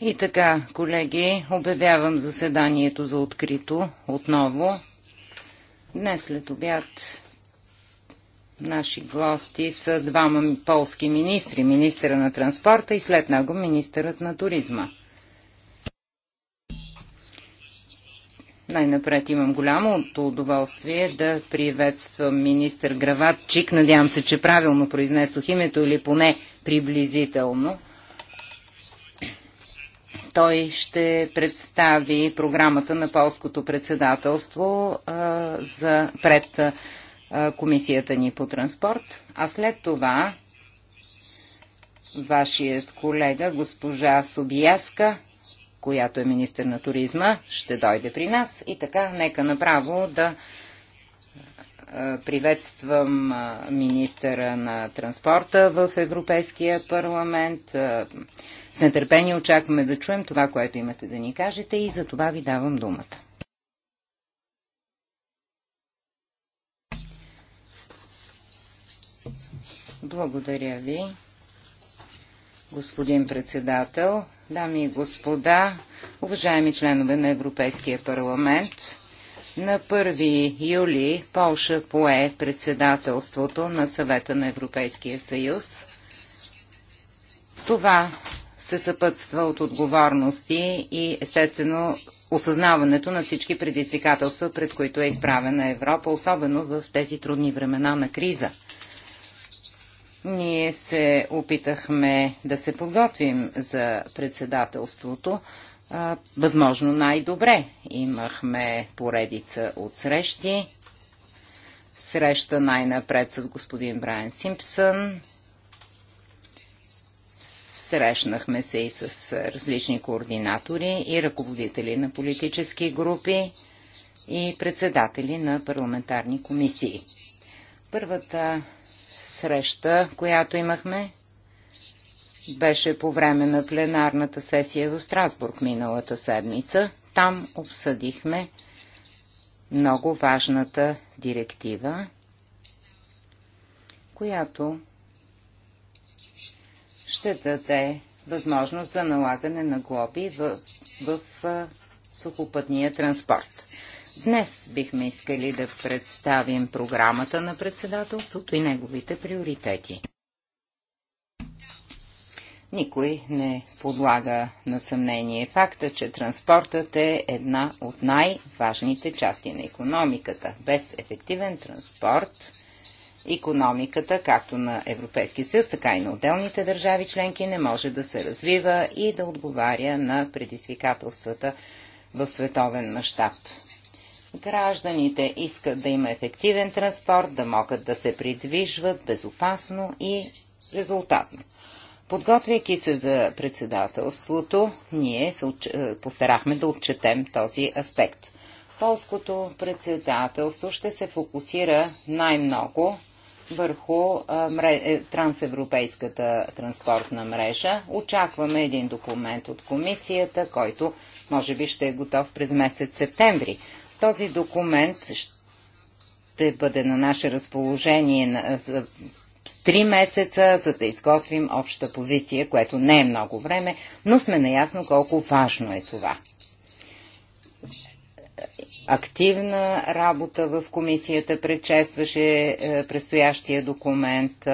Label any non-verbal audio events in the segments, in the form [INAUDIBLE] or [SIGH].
И така, колеги, обявявам заседанието за открито отново. Днес след обяд наши гости са двама полски министри, министъра на транспорта и след него министърът на туризма. Най-напред имам голямото удоволствие да приветствам министър Граватчик. Надявам се, че правилно произнесох името или поне приблизително. Той ще представи програмата на полското председателство а, за, пред а, комисията ни по транспорт, а след това вашият колега госпожа Собияска която е министър на туризма, ще дойде при нас. И така, нека направо да приветствам министъра на транспорта в Европейския парламент. С нетърпение очакваме да чуем това, което имате да ни кажете и за това ви давам думата. Благодаря ви господин председател, дами и господа, уважаеми членове на Европейския парламент. На 1 юли Полша пое председателството на съвета на Европейския съюз. Това се съпътства от отговорности и естествено осъзнаването на всички предизвикателства, пред които е изправена Европа, особено в тези трудни времена на криза – ние се опитахме да се подготвим за председателството а, възможно най-добре. Имахме поредица от срещи. Среща най-напред с господин Брайан Симпсън. Срещнахме се и с различни координатори и ръководители на политически групи и председатели на парламентарни комисии. Първата среща, която имахме, беше по време на пленарната сесия в Страсбург миналата седмица. Там обсъдихме много важната директива, която ще даде възможност за налагане на глоби в, в, сухопътния транспорт. Днес бихме искали да представим програмата на председателството и неговите приоритети. Никой не подлага на съмнение факта, че транспортът е една от най-важните части на економиката. Без ефективен транспорт економиката, както на Европейския съюз, така и на отделните държави членки, не може да се развива и да отговаря на предизвикателствата в световен мащаб. Гражданите искат да има ефективен транспорт, да могат да се придвижват безопасно и резултатно. Подготвяйки се за председателството, ние се е, постарахме да отчетем този аспект. Полското председателство ще се фокусира най-много върху е, мре... Е, трансевропейската транспортна мрежа. Очакваме един документ от комисията, който може би ще е готов през месец септември. Този документ ще бъде на наше разположение на, за, с три месеца, за да изготвим обща позиция, което не е много време, но сме наясно колко важно е това. Активна работа в комисията предшестваше е, предстоящия документ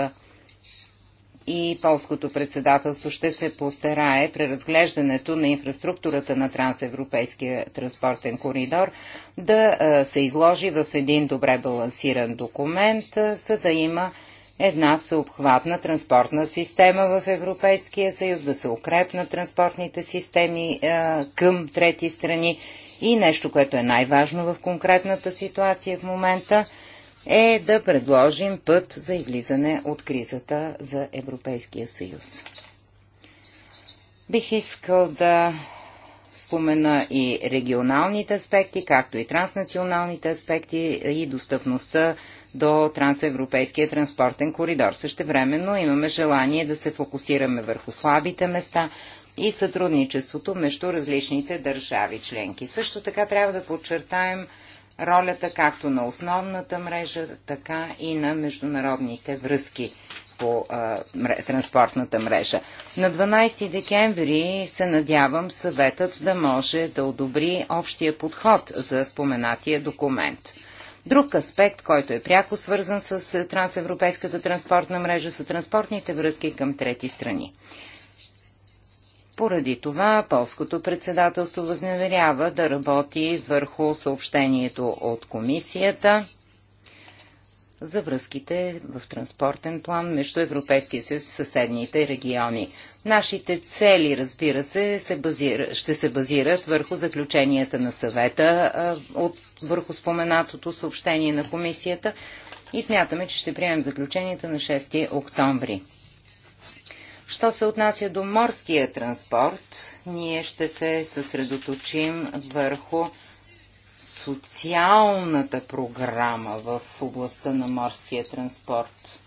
и полското председателство ще се постарае преразглеждането на инфраструктурата на трансевропейския транспортен коридор да се изложи в един добре балансиран документ, за да има една всеобхватна транспортна система в Европейския съюз, да се укрепнат транспортните системи към трети страни и нещо, което е най-важно в конкретната ситуация в момента – е да предложим път за излизане от кризата за Европейския съюз. Бих искал да спомена и регионалните аспекти, както и транснационалните аспекти и достъпността до трансевропейския транспортен коридор. Същевременно имаме желание да се фокусираме върху слабите места и сътрудничеството между различните държави членки. Също така трябва да подчертаем ролята както на основната мрежа, така и на международните връзки по а, транспортната мрежа. На 12 декември се надявам съветът да може да одобри общия подход за споменатия документ. Друг аспект, който е пряко свързан с трансевропейската транспортна мрежа, са транспортните връзки към трети страни. Поради това полското председателство възневерява да работи върху съобщението от комисията за връзките в транспортен план между Европейския съюз и съседните региони. Нашите цели, разбира се, се базира, ще се базират върху заключенията на съвета, от, върху споменатото съобщение на комисията и смятаме, че ще приемем заключенията на 6 октомври. Що се отнася до морския транспорт, ние ще се съсредоточим върху социалната програма в областта на морския транспорт.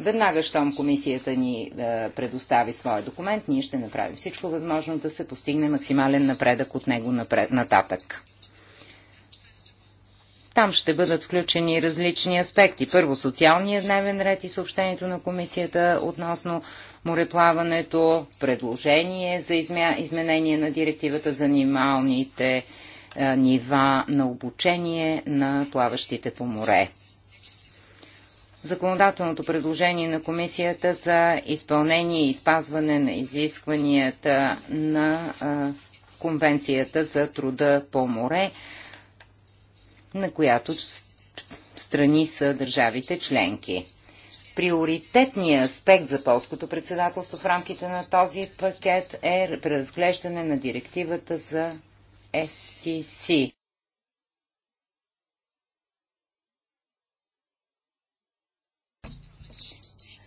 Веднага, щом комисията ни е, предостави своя документ, ние ще направим всичко възможно да се постигне максимален напредък от него напред, нататък. Там ще бъдат включени различни аспекти. Първо социалния дневен ред и съобщението на комисията относно мореплаването, предложение за изменение на директивата за анималните нива на обучение на плаващите по море. Законодателното предложение на комисията за изпълнение и спазване на изискванията на Конвенцията за труда по море на която страни са държавите членки. Приоритетният аспект за полското председателство в рамките на този пакет е преразглеждане на директивата за STC.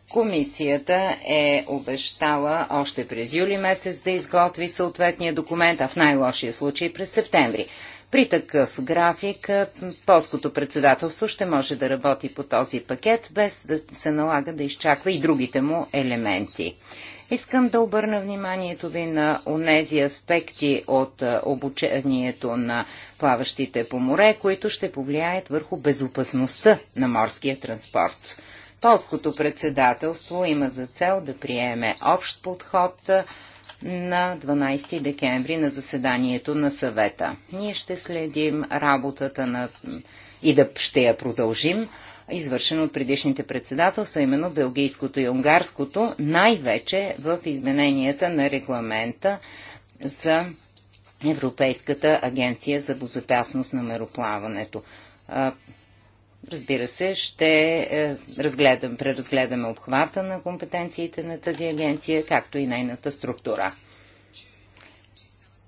Комисията е обещала още през юли месец да изготви съответния документ, а в най-лошия случай през септември. При такъв график полското председателство ще може да работи по този пакет, без да се налага да изчаква и другите му елементи. Искам да обърна вниманието ви на онези аспекти от обучението на плаващите по море, които ще повлияят върху безопасността на морския транспорт. Полското председателство има за цел да приеме общ подход – на 12 декември на заседанието на съвета. Ние ще следим работата на и да ще я продължим, извършено от предишните председателства, именно белгийското и унгарското, най-вече в измененията на регламента за Европейската агенция за безопасност на мероплаването. Разбира се, ще е, разгледам, преразгледаме обхвата на компетенциите на тази агенция, както и нейната структура.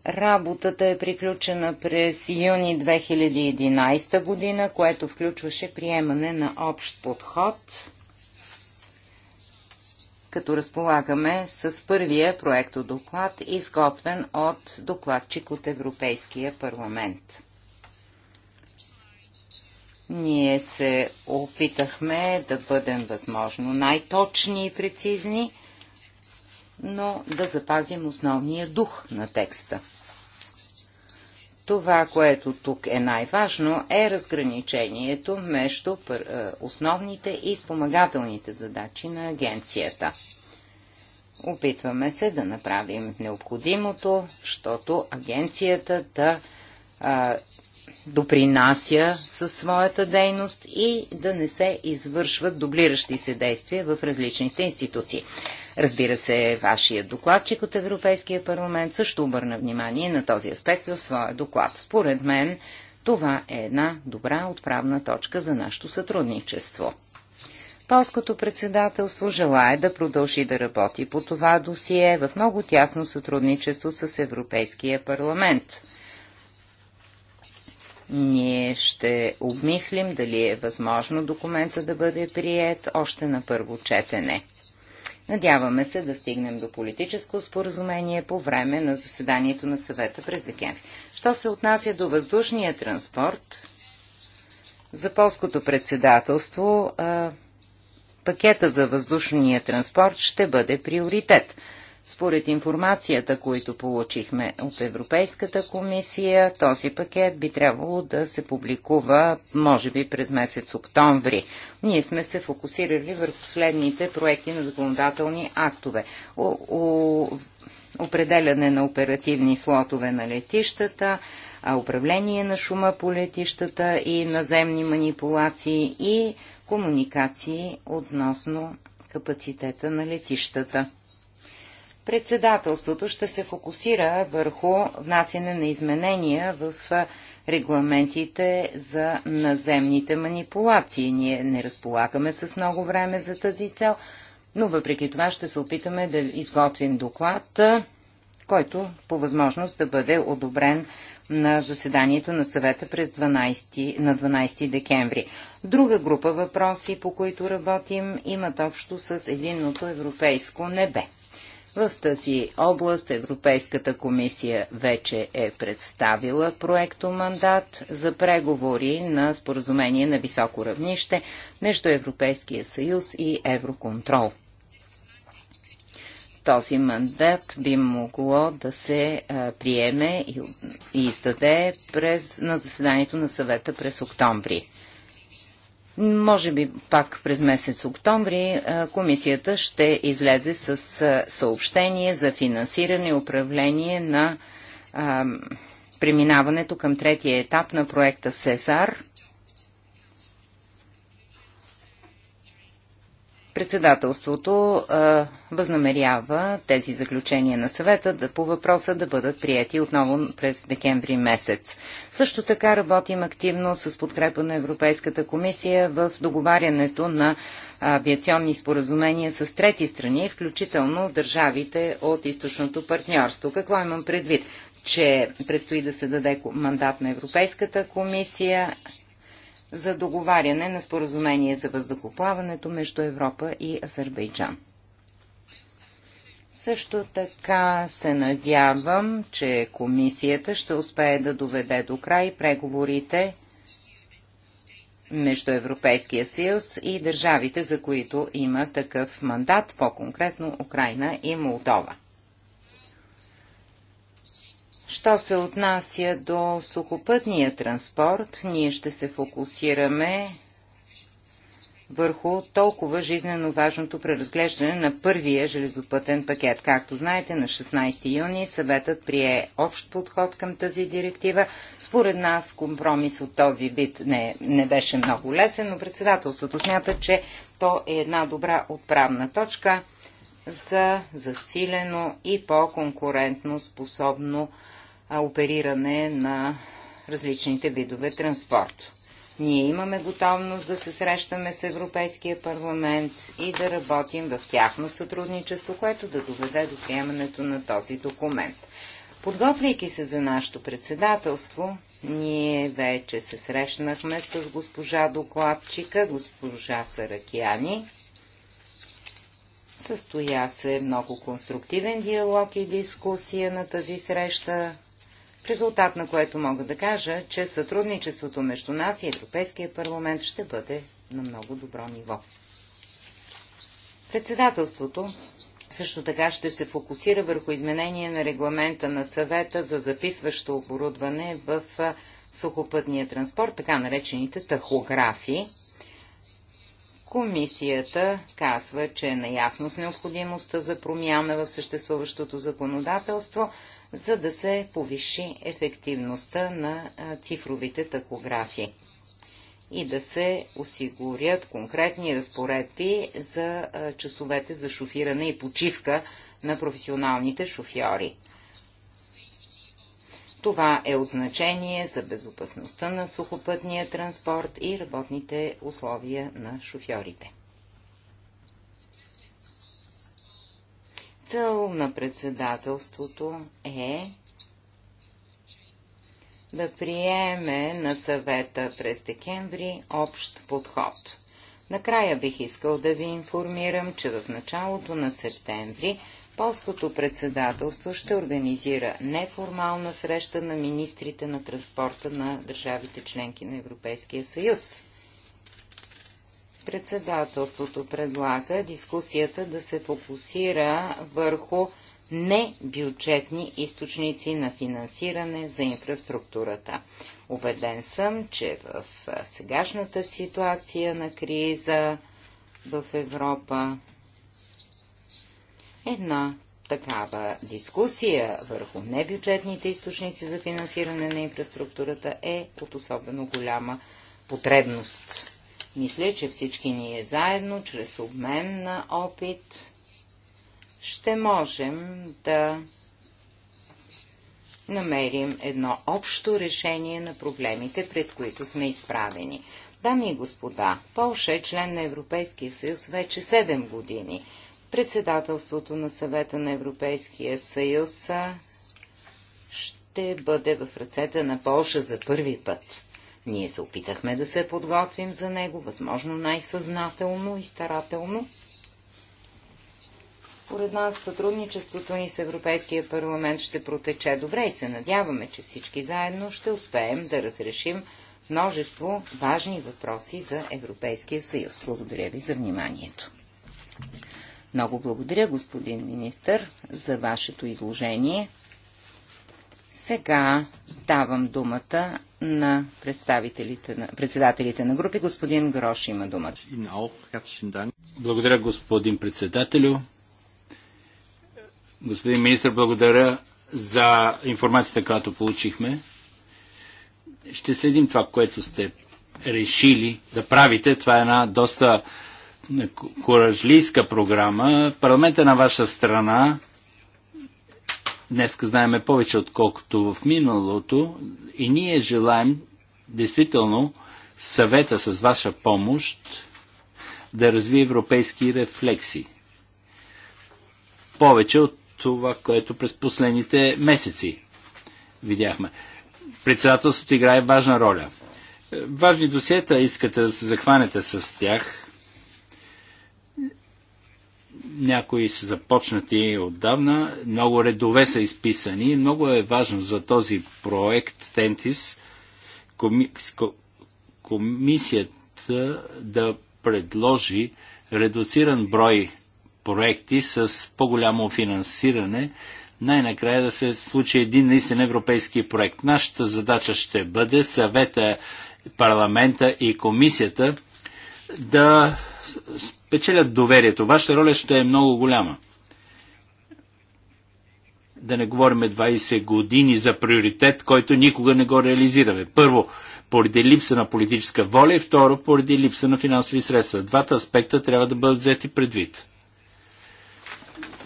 Работата е приключена през юни 2011 година, което включваше приемане на общ подход, като разполагаме с първия проектодоклад, изготвен от докладчик от Европейския парламент. Ние се опитахме да бъдем възможно най-точни и прецизни, но да запазим основния дух на текста. Това, което тук е най-важно, е разграничението между е, основните и спомагателните задачи на агенцията. Опитваме се да направим необходимото, защото агенцията да а, допринася със своята дейност и да не се извършват дублиращи се действия в различните институции. Разбира се, вашия докладчик от Европейския парламент също обърна внимание на този аспект в своя доклад. Според мен, това е една добра отправна точка за нашето сътрудничество. Полското председателство желая да продължи да работи по това досие в много тясно сътрудничество с Европейския парламент ние ще обмислим дали е възможно документа да бъде прият още на първо четене. Надяваме се да стигнем до политическо споразумение по време на заседанието на съвета през декември. Що се отнася до въздушния транспорт, за полското председателство пакета за въздушния транспорт ще бъде приоритет – според информацията, които получихме от Европейската комисия, този пакет би трябвало да се публикува, може би, през месец октомври. Ние сме се фокусирали върху следните проекти на законодателни актове. О, о, определяне на оперативни слотове на летищата, управление на шума по летищата и наземни манипулации и комуникации относно капацитета на летищата. Председателството ще се фокусира върху внасяне на изменения в регламентите за наземните манипулации. Ние не разполагаме с много време за тази цел, но въпреки това ще се опитаме да изготвим доклад, който по възможност да бъде одобрен на заседанието на съвета през 12, на 12 декември. Друга група въпроси, по които работим, имат общо с единното европейско небе. В тази област Европейската комисия вече е представила проекто мандат за преговори на споразумение на високо равнище между Европейския съюз и Евроконтрол. Този мандат би могло да се приеме и, и издаде през, на заседанието на съвета през октомври. Може би пак през месец октомври е, комисията ще излезе с е, съобщение за финансиране и управление на преминаването към третия етап на проекта СЕСАР Председателството а, възнамерява тези заключения на съвета да, по въпроса да бъдат прияти отново през декември месец. Също така работим активно с подкрепа на Европейската комисия в договарянето на авиационни споразумения с трети страни, включително държавите от източното партньорство. Какво имам предвид? че предстои да се даде мандат на Европейската комисия за договаряне на споразумение за въздухоплаването между Европа и Азербайджан. Също така се надявам, че комисията ще успее да доведе до край преговорите между Европейския съюз и държавите, за които има такъв мандат, по-конкретно Украина и Молдова. Що се отнася до сухопътния транспорт, ние ще се фокусираме върху толкова жизненно важното преразглеждане на първия железопътен пакет. Както знаете, на 16 юни съветът прие общ подход към тази директива. Според нас компромис от този вид не, не беше много лесен, но председателството смята, че то е една добра отправна точка за засилено и по-конкурентно способно опериране на различните видове транспорт. Ние имаме готовност да се срещаме с Европейския парламент и да работим в тяхно сътрудничество, което да доведе до приемането на този документ. Подготвяйки се за нашето председателство, ние вече се срещнахме с госпожа докладчика, госпожа Саракияни. Състоя се много конструктивен диалог и дискусия на тази среща, в резултат на което мога да кажа, че сътрудничеството между нас и Европейския парламент ще бъде на много добро ниво. Председателството също така ще се фокусира върху изменение на регламента на съвета за записващо оборудване в сухопътния транспорт, така наречените тахографи, Комисията казва, че е наясно с необходимостта за промяна в съществуващото законодателство, за да се повиши ефективността на цифровите такографи и да се осигурят конкретни разпоредби за часовете за шофиране и почивка на професионалните шофьори. Това е от значение за безопасността на сухопътния транспорт и работните условия на шофьорите. Цел на председателството е да приеме на съвета през декември общ подход. Накрая бих искал да ви информирам, че в началото на септември Полското председателство ще организира неформална среща на министрите на транспорта на държавите членки на Европейския съюз. Председателството предлага дискусията да се фокусира върху небюджетни източници на финансиране за инфраструктурата. Обеден съм, че в сегашната ситуация на криза в Европа една такава дискусия върху небюджетните източници за финансиране на инфраструктурата е от особено голяма потребност. Мисля, че всички ние заедно, чрез обмен на опит, ще можем да намерим едно общо решение на проблемите, пред които сме изправени. Дами и господа, Полша е член на Европейския съюз вече 7 години. Председателството на съвета на Европейския съюз ще бъде в ръцете на Полша за първи път. Ние се опитахме да се подготвим за него, възможно най-съзнателно и старателно. Според нас сътрудничеството ни с Европейския парламент ще протече добре и се надяваме, че всички заедно ще успеем да разрешим множество важни въпроси за Европейския съюз. Благодаря ви за вниманието. Много благодаря, господин министър, за вашето изложение. Сега давам думата на представителите на, председателите на групи. Господин Грош има думата. Благодаря, господин председателю. Господин министр, благодаря за информацията, която получихме. Ще следим това, което сте решили да правите. Това е една доста коражлийска програма. Парламента е на ваша страна днес знаеме повече отколкото в миналото и ние желаем действително съвета с ваша помощ да развие европейски рефлекси. Повече от това, което през последните месеци видяхме. Председателството играе важна роля. Важни досиета искате да се захванете с тях. Някои са започнати отдавна, много редове са изписани. Много е важно за този проект Тентис комисията да предложи редуциран брой проекти с по-голямо финансиране, най-накрая да се случи един наистина европейски проект. Нашата задача ще бъде съвета, парламента и комисията да печелят доверието. Вашата роля ще е много голяма. Да не говорим 20 години за приоритет, който никога не го реализираме. Първо, поради липса на политическа воля и второ, поради липса на финансови средства. Двата аспекта трябва да бъдат взети предвид.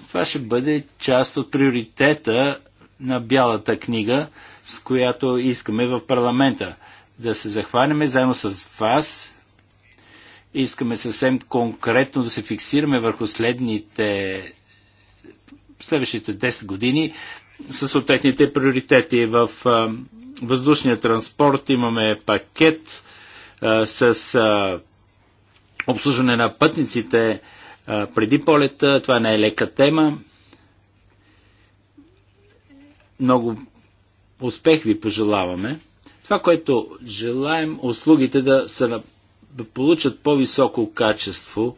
Това ще бъде част от приоритета на Бялата книга, с която искаме в парламента да се захванеме заедно с вас Искаме съвсем конкретно да се фиксираме върху следните следващите 10 години със съответните приоритети. В въздушния транспорт имаме пакет с обслужване на пътниците преди полета. Това не е лека тема. Много успех ви пожелаваме. Това, което желаем, услугите да са на да получат по-високо качество.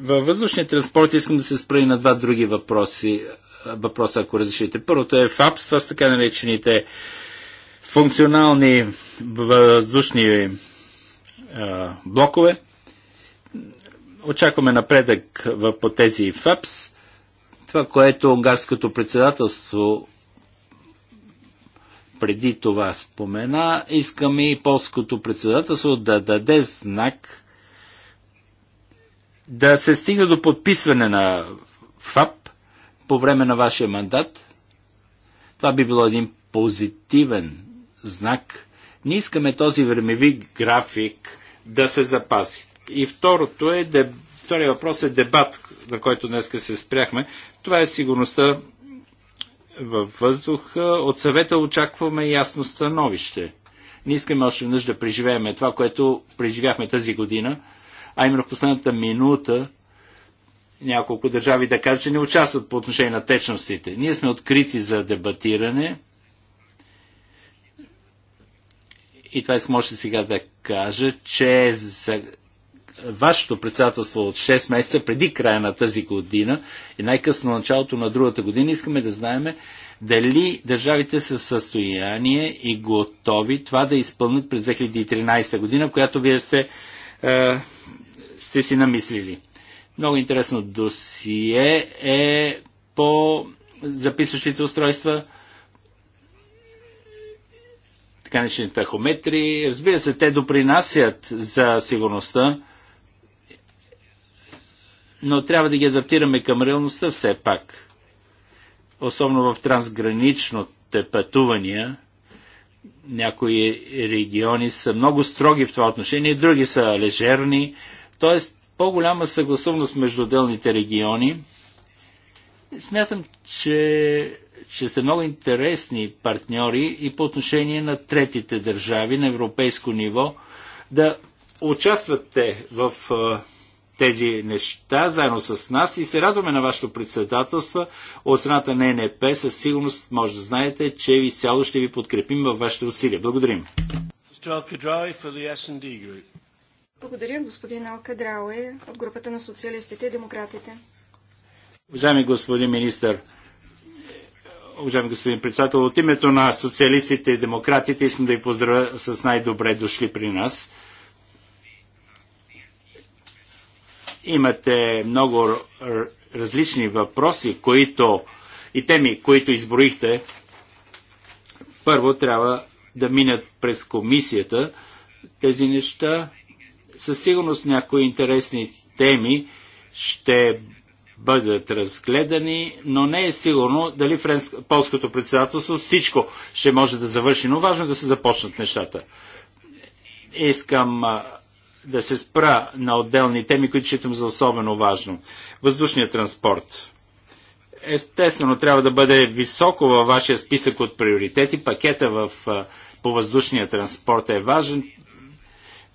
Във въздушния транспорт искам да се спра и на два други въпроси, въпроса, ако разрешите. Първото е ФАПС, това са така наречените функционални въздушни а, блокове. Очакваме напредък по тези ФАПС. Това, което унгарското председателство преди това спомена, искаме и полското председателство да даде знак да се стигне до подписване на ФАП по време на вашия мандат. Това би било един позитивен знак. Не искаме този времеви график да се запази. И второто е, втория въпрос е дебат, на който днес се спряхме. Това е сигурността във въздуха. От съвета очакваме ясно становище. Не искаме още веднъж да преживеем това, което преживяхме тази година, а именно в последната минута няколко държави да кажат, че не участват по отношение на течностите. Ние сме открити за дебатиране. И това искам още сега да кажа, че вашето председателство от 6 месеца преди края на тази година и най-късно началото на другата година искаме да знаем дали държавите са в състояние и готови това да изпълнят през 2013 година, която вие сте, е, сте си намислили. Много интересно досие е по записващите устройства, така начините тахометри. Разбира се, те допринасят за сигурността, но трябва да ги адаптираме към реалността все пак. Особено в трансграничните пътувания. Някои региони са много строги в това отношение, други са лежерни. Тоест, по-голяма съгласовност между отделните региони. Смятам, че, че сте много интересни партньори и по отношение на третите държави на европейско ниво да участват те в тези неща заедно с нас и се радваме на вашето председателство. От страната на ЕНП със сигурност може да знаете, че ви изцяло ще ви подкрепим във вашите усилия. Благодарим. Благодаря, господин Алкадрауе от групата на социалистите и демократите. Уважаеми господин министър, уважаеми господин председател, от името на социалистите и демократите искам да ви поздравя с най-добре дошли при нас. Имате много различни въпроси, които и теми, които изброихте. Първо трябва да минат през комисията тези неща. Със сигурност някои интересни теми ще бъдат разгледани, но не е сигурно дали френск... полското председателство всичко ще може да завърши, но важно е да се започнат нещата. Искам да се спра на отделни теми, които считам за особено важно. Въздушният транспорт. Естествено, трябва да бъде високо във вашия списък от приоритети. Пакета в, по въздушния транспорт е важен.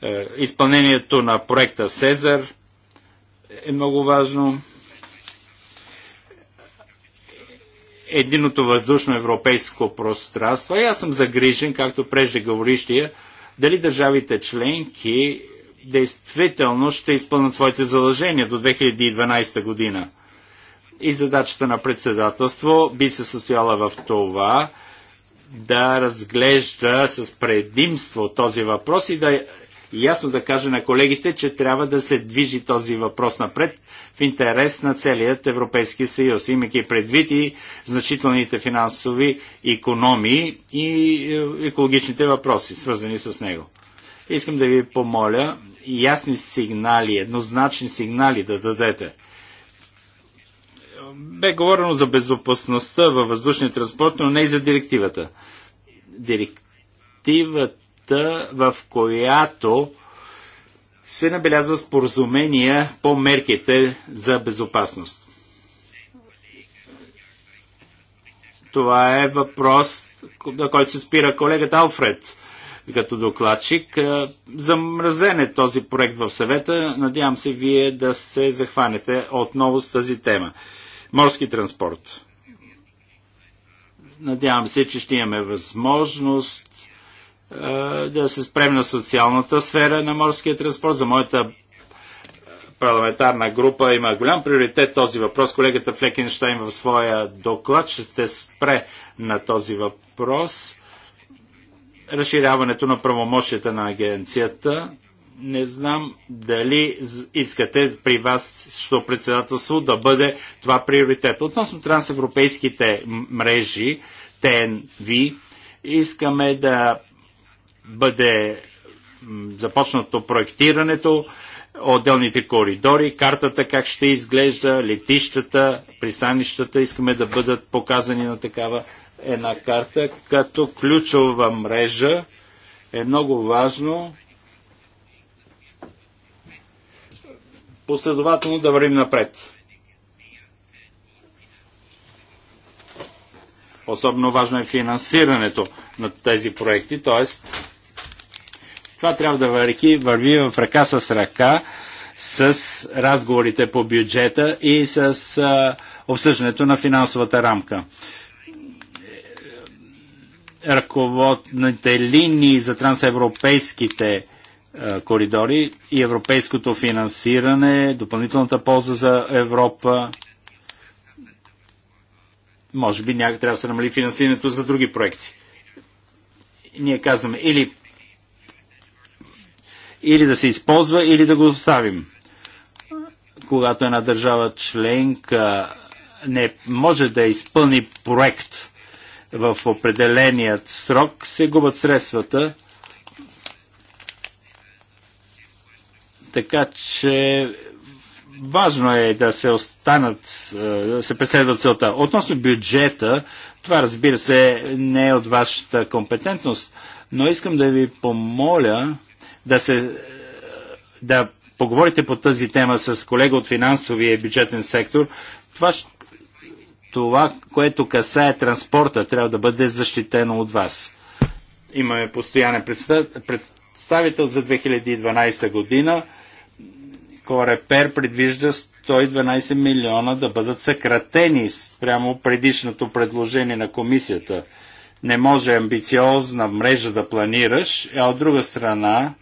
Е, изпълнението на проекта Сезар е много важно. Единото въздушно европейско пространство. И е, аз съм загрижен, както преждеговорищия, дали държавите членки действително ще изпълнат своите задължения до 2012 година. И задачата на председателство би се състояла в това да разглежда с предимство този въпрос и да ясно да каже на колегите, че трябва да се движи този въпрос напред в интерес на целият Европейски съюз, имайки предвид и значителните финансови економии и е, екологичните въпроси, свързани с него. Искам да ви помоля ясни сигнали, еднозначни сигнали да дадете. Бе говорено за безопасността във въздушния транспорт, но не и за директивата. Директивата, в която се набелязва споразумения по мерките за безопасност. Това е въпрос, на който се спира колегата Алфред като докладчик. Е, замразен е този проект в съвета. Надявам се вие да се захванете отново с тази тема. Морски транспорт. Надявам се, че ще имаме възможност е, да се спрем на социалната сфера на морския транспорт. За моята парламентарна група има голям приоритет този въпрос. Колегата Флекенштайн в своя доклад ще се спре на този въпрос разширяването на правомощията на агенцията. Не знам дали искате при вас, що председателство, да бъде това приоритет. Относно трансевропейските мрежи, ТНВ, искаме да бъде започнато проектирането, отделните коридори, картата как ще изглежда, летищата, пристанищата, искаме да бъдат показани на такава една карта като ключова мрежа е много важно последователно да вървим напред. Особено важно е финансирането на тези проекти, т.е. това трябва да върви, върви в ръка с ръка с разговорите по бюджета и с а, обсъждането на финансовата рамка ръководните линии за трансевропейските е, коридори и европейското финансиране, допълнителната полза за Европа. Може би някак трябва да се намали финансирането за други проекти. Ние казваме или, или да се използва, или да го оставим. Когато една държава членка не може да изпълни проект, в определеният срок, се губят средствата. Така че важно е да се останат, е, да се преследва целта. Относно бюджета, това разбира се не е от вашата компетентност, но искам да ви помоля да се е, да поговорите по тази тема с колега от финансовия бюджетен сектор. Това ще това, което касае транспорта, трябва да бъде защитено от вас. Имаме постоянен представител за 2012 година. Корепер предвижда 112 милиона да бъдат съкратени прямо предишното предложение на комисията. Не може амбициозна мрежа да планираш, а от друга страна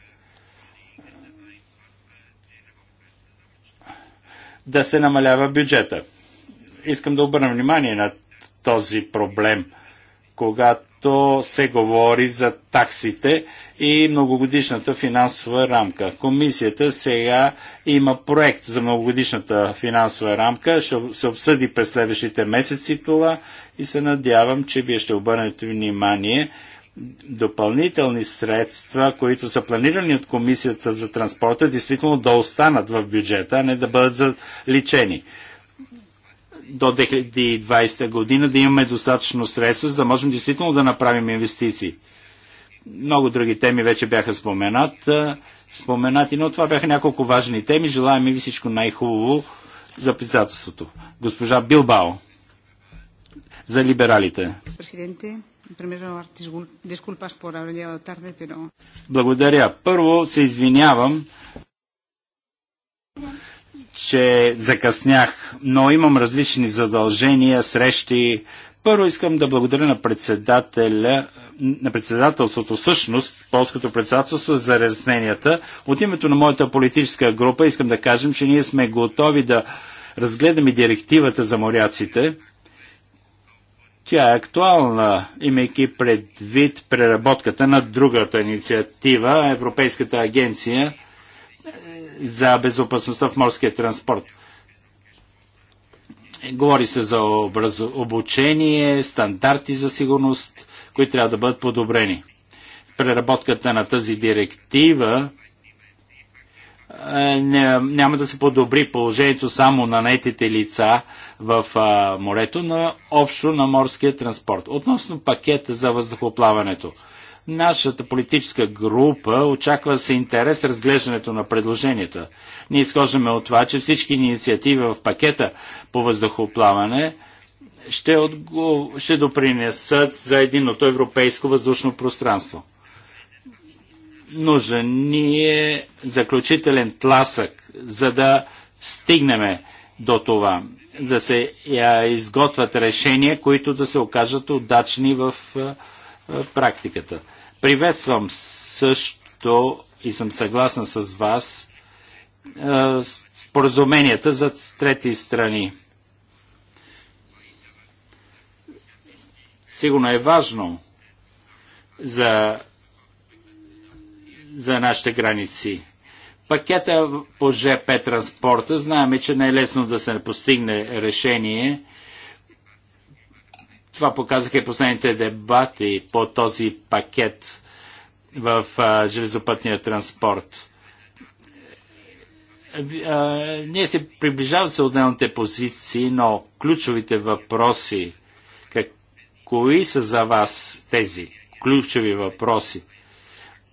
да се намалява бюджета искам да обърна внимание на този проблем, когато се говори за таксите и многогодишната финансова рамка. Комисията сега има проект за многогодишната финансова рамка. Ще се обсъди през следващите месеци това и се надявам, че вие ще обърнете внимание допълнителни средства, които са планирани от Комисията за транспорта, действително да останат в бюджета, а не да бъдат заличени до 2020 година да имаме достатъчно средства, за да можем действително да направим инвестиции. Много други теми вече бяха споменат, споменати, но това бяха няколко важни теми. Желаем ви всичко най-хубаво за председателството. Госпожа Билбао, за либералите. Благодаря. Първо се извинявам, че закъснях, но имам различни задължения, срещи. Първо искам да благодаря на председателя на председателството, всъщност, полското председателство за разясненията. От името на моята политическа група искам да кажем, че ние сме готови да разгледаме директивата за моряците. Тя е актуална, имайки предвид преработката на другата инициатива, Европейската агенция за безопасността в морския транспорт. Говори се за обучение, стандарти за сигурност, които трябва да бъдат подобрени. Преработката на тази директива е, няма да се подобри положението само на наетите лица в морето, но общо на морския транспорт. Относно пакета за въздухоплаването. Нашата политическа група очаква с интерес разглеждането на предложенията. Ние изхождаме от това, че всички инициативи в пакета по въздухоплаване ще, отго... ще допринесат за единното европейско въздушно пространство. Нужен ни е заключителен тласък, за да стигнеме до това, да се изготвят решения, които да се окажат удачни в е, практиката. Приветствам също и съм съгласна с вас е, споразуменията за трети страни. Сигурно е важно за, за нашите граници. Пакета по ЖП транспорта знаеме, че не е лесно да се постигне решение – това показаха и последните дебати по този пакет в а, железопътния транспорт. А, ние се приближават се отделните позиции, но ключовите въпроси, как, кои са за вас тези ключови въпроси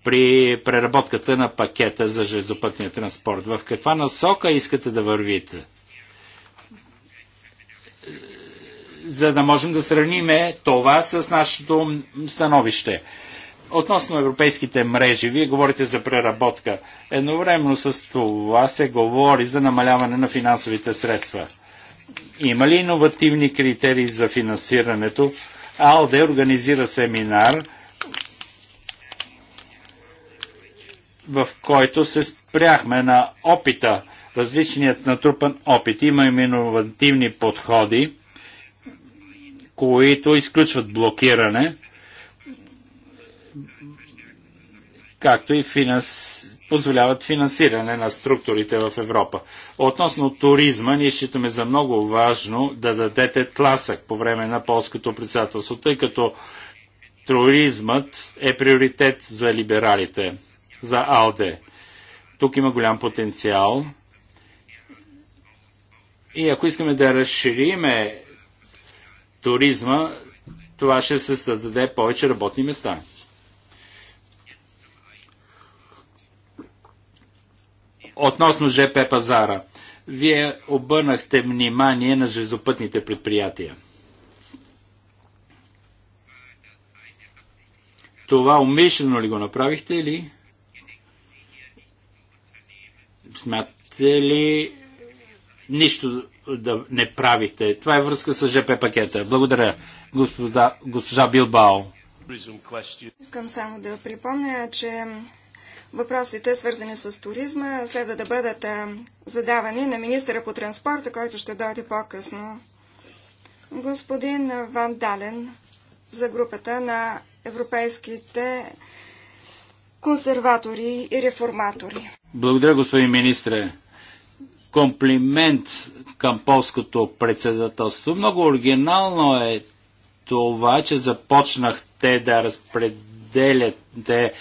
при преработката на пакета за железопътния транспорт? В каква насока искате да вървите? за да можем да сравниме това с нашето становище. Относно европейските мрежи, вие говорите за преработка. Едновременно с това се говори за намаляване на финансовите средства. Има ли иновативни критерии за финансирането? АЛДЕ организира семинар, в който се спряхме на опита, различният натрупан опит. Има иновативни подходи които изключват блокиране, както и финанс... позволяват финансиране на структурите в Европа. Относно туризма, ние считаме за много важно да дадете тласък по време на полското председателство, тъй като туризмът е приоритет за либералите, за АЛДЕ. Тук има голям потенциал. И ако искаме да разшириме туризма, това ще се създаде повече работни места. Относно ЖП пазара, вие обърнахте внимание на железопътните предприятия. Това умишлено ли го направихте или смятате ли нищо да не правите. Това е връзка с ЖП пакета. Благодаря, господа, госпожа Билбао. Искам само да припомня, че въпросите, свързани с туризма, следва да бъдат задавани на министъра по транспорта, който ще дойде по-късно. Господин Ван Дален за групата на европейските консерватори и реформатори. Благодаря, господин министре комплимент към полското председателство. Много оригинално е това, че започнахте да разпределяте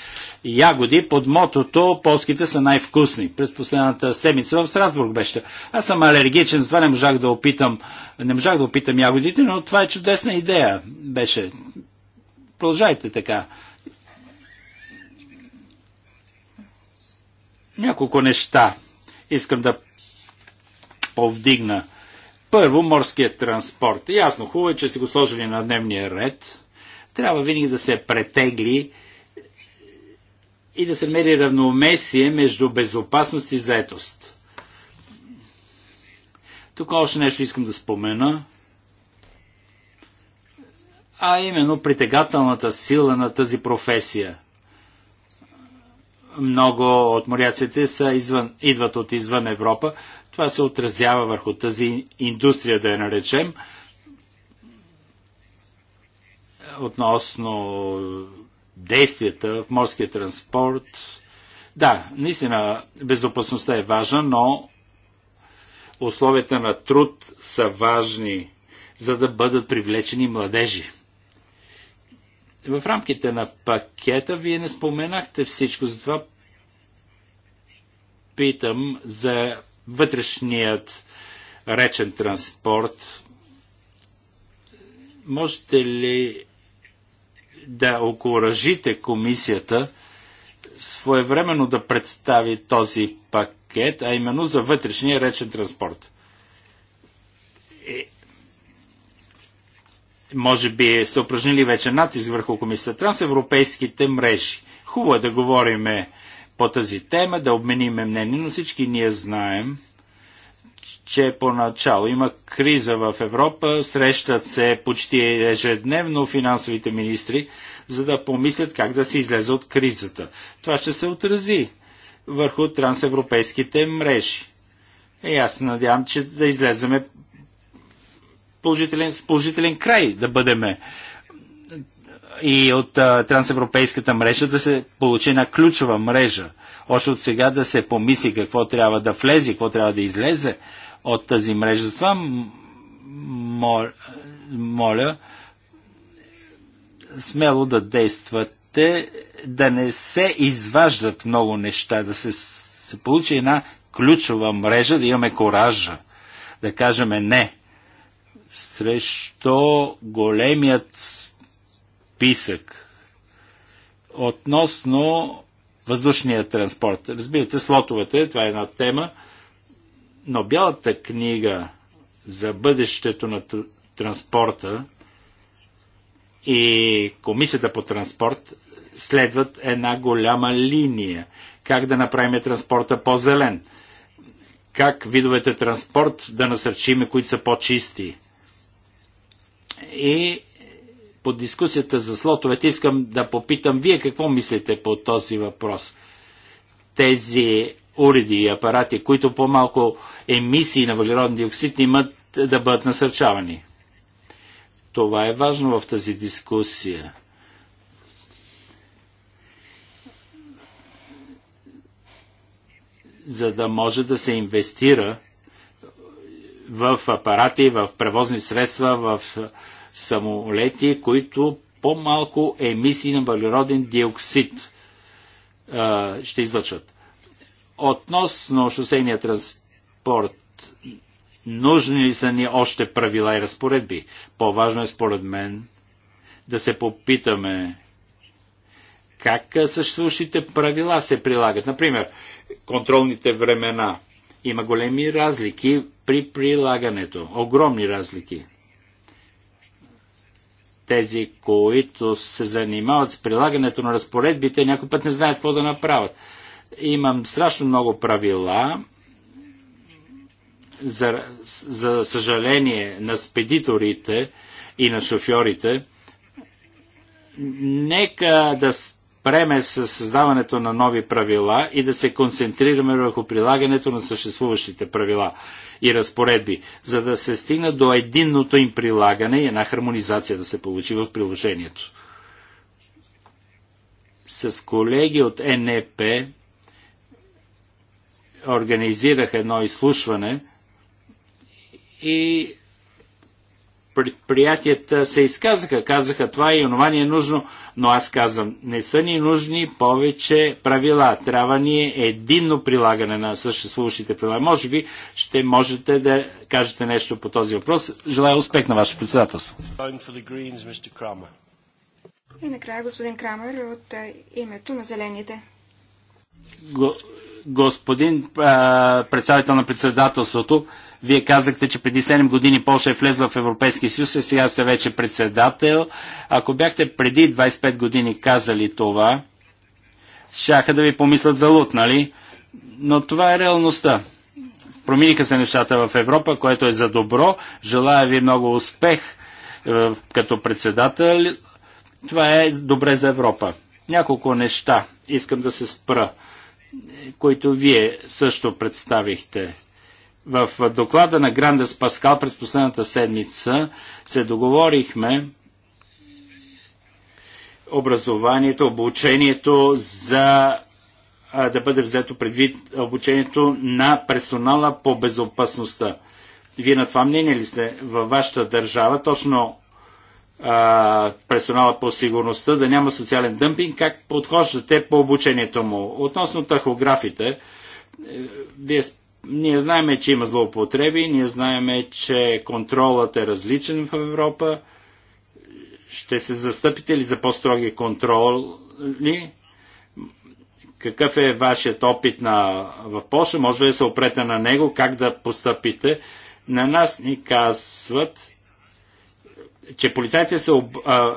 ягоди под мотото полските са най-вкусни. През последната седмица в Страсбург беше. Аз съм алергичен, затова не можах да опитам, не можах да опитам ягодите, но това е чудесна идея беше. Продължайте така. Няколко неща искам да повдигна. Първо, морският транспорт. Ясно, хубаво е, че си го сложили на дневния ред. Трябва винаги да се претегли и да се мери равномесие между безопасност и заетост. Тук още нещо искам да спомена, а именно притегателната сила на тази професия. Много от моряците са извън, идват от извън Европа, това се отразява върху тази индустрия, да я наречем, относно действията в морския транспорт. Да, наистина безопасността е важна, но условията на труд са важни, за да бъдат привлечени младежи. В рамките на пакета вие не споменахте всичко, затова питам за вътрешният речен транспорт. Можете ли да окоръжите комисията своевременно да представи този пакет, а именно за вътрешния речен транспорт? Е, може би са упражнили вече натиск върху комисията трансевропейските мрежи. Хубаво е да говориме по тази тема, да обмениме мнение, но всички ние знаем, че поначало има криза в Европа, срещат се почти ежедневно финансовите министри, за да помислят как да се излезе от кризата. Това ще се отрази върху трансевропейските мрежи. И аз се надявам, че да излеземе положителен, с положителен край, да бъдеме и от а, трансевропейската мрежа да се получи една ключова мрежа. Още от сега да се помисли какво трябва да влезе, какво трябва да излезе от тази мрежа. Затова мол, моля смело да действате, да не се изваждат много неща, да се, се получи една ключова мрежа, да имаме коража, да кажеме не срещу големият списък относно въздушния транспорт. Разбирате, слотовете, това е една тема, но бялата книга за бъдещето на транспорта и Комисията по транспорт следват една голяма линия. Как да направим транспорта по-зелен? Как видовете транспорт да насърчиме, които са по-чисти? И по дискусията за слотовете искам да попитам вие какво мислите по този въпрос. Тези уреди и апарати, които по-малко емисии на въглероден диоксид имат да бъдат насърчавани. Това е важно в тази дискусия. За да може да се инвестира в апарати, в превозни средства, в самолети, които по-малко емисии на въглероден диоксид а, ще излъчват. Относно шосейния транспорт, нужни ли са ни още правила и разпоредби? По-важно е според мен да се попитаме как съществуващите правила се прилагат. Например, контролните времена. Има големи разлики при прилагането. Огромни разлики тези, които се занимават с прилагането на разпоредбите, някой път не знаят какво да направят. Имам страшно много правила, за, за съжаление на спедиторите и на шофьорите, нека да спреме с създаването на нови правила и да се концентрираме върху прилагането на съществуващите правила и разпоредби, за да се стигне до единното им прилагане и една хармонизация да се получи в приложението. С колеги от НЕП организирах едно изслушване и предприятията се изказаха, казаха това и онова ни е нужно, но аз казвам, не са ни нужни повече правила. Трябва ни е единно прилагане на съществуващите правила. Може би ще можете да кажете нещо по този въпрос. Желая успех на ваше председателство. И накрая господин Крамер от е, името на Зелените. Го, господин а, на председателството, вие казахте, че преди 7 години Польша е влезла в Европейския съюз и сега сте вече председател. Ако бяхте преди 25 години казали това, щяха да ви помислят за лут, нали? Но това е реалността. Промениха се нещата в Европа, което е за добро. Желая ви много успех е, като председател. Това е добре за Европа. Няколко неща искам да се спра, които вие също представихте в доклада на с Паскал през последната седмица се договорихме образованието, обучението за да бъде взето предвид обучението на персонала по безопасността. Вие на това мнение ли сте във вашата държава, точно персонала по сигурността, да няма социален дъмпинг, как подхождате по обучението му? Относно тахографите, е, вие ние знаеме, че има злоупотреби, ние знаеме, че контролът е различен в Европа. Ще се застъпите ли за по-строги контроли? Какъв е вашият опит на, в Польша? Може ли да се опрете на него? Как да постъпите? На нас ни казват, че полицайите се об... а,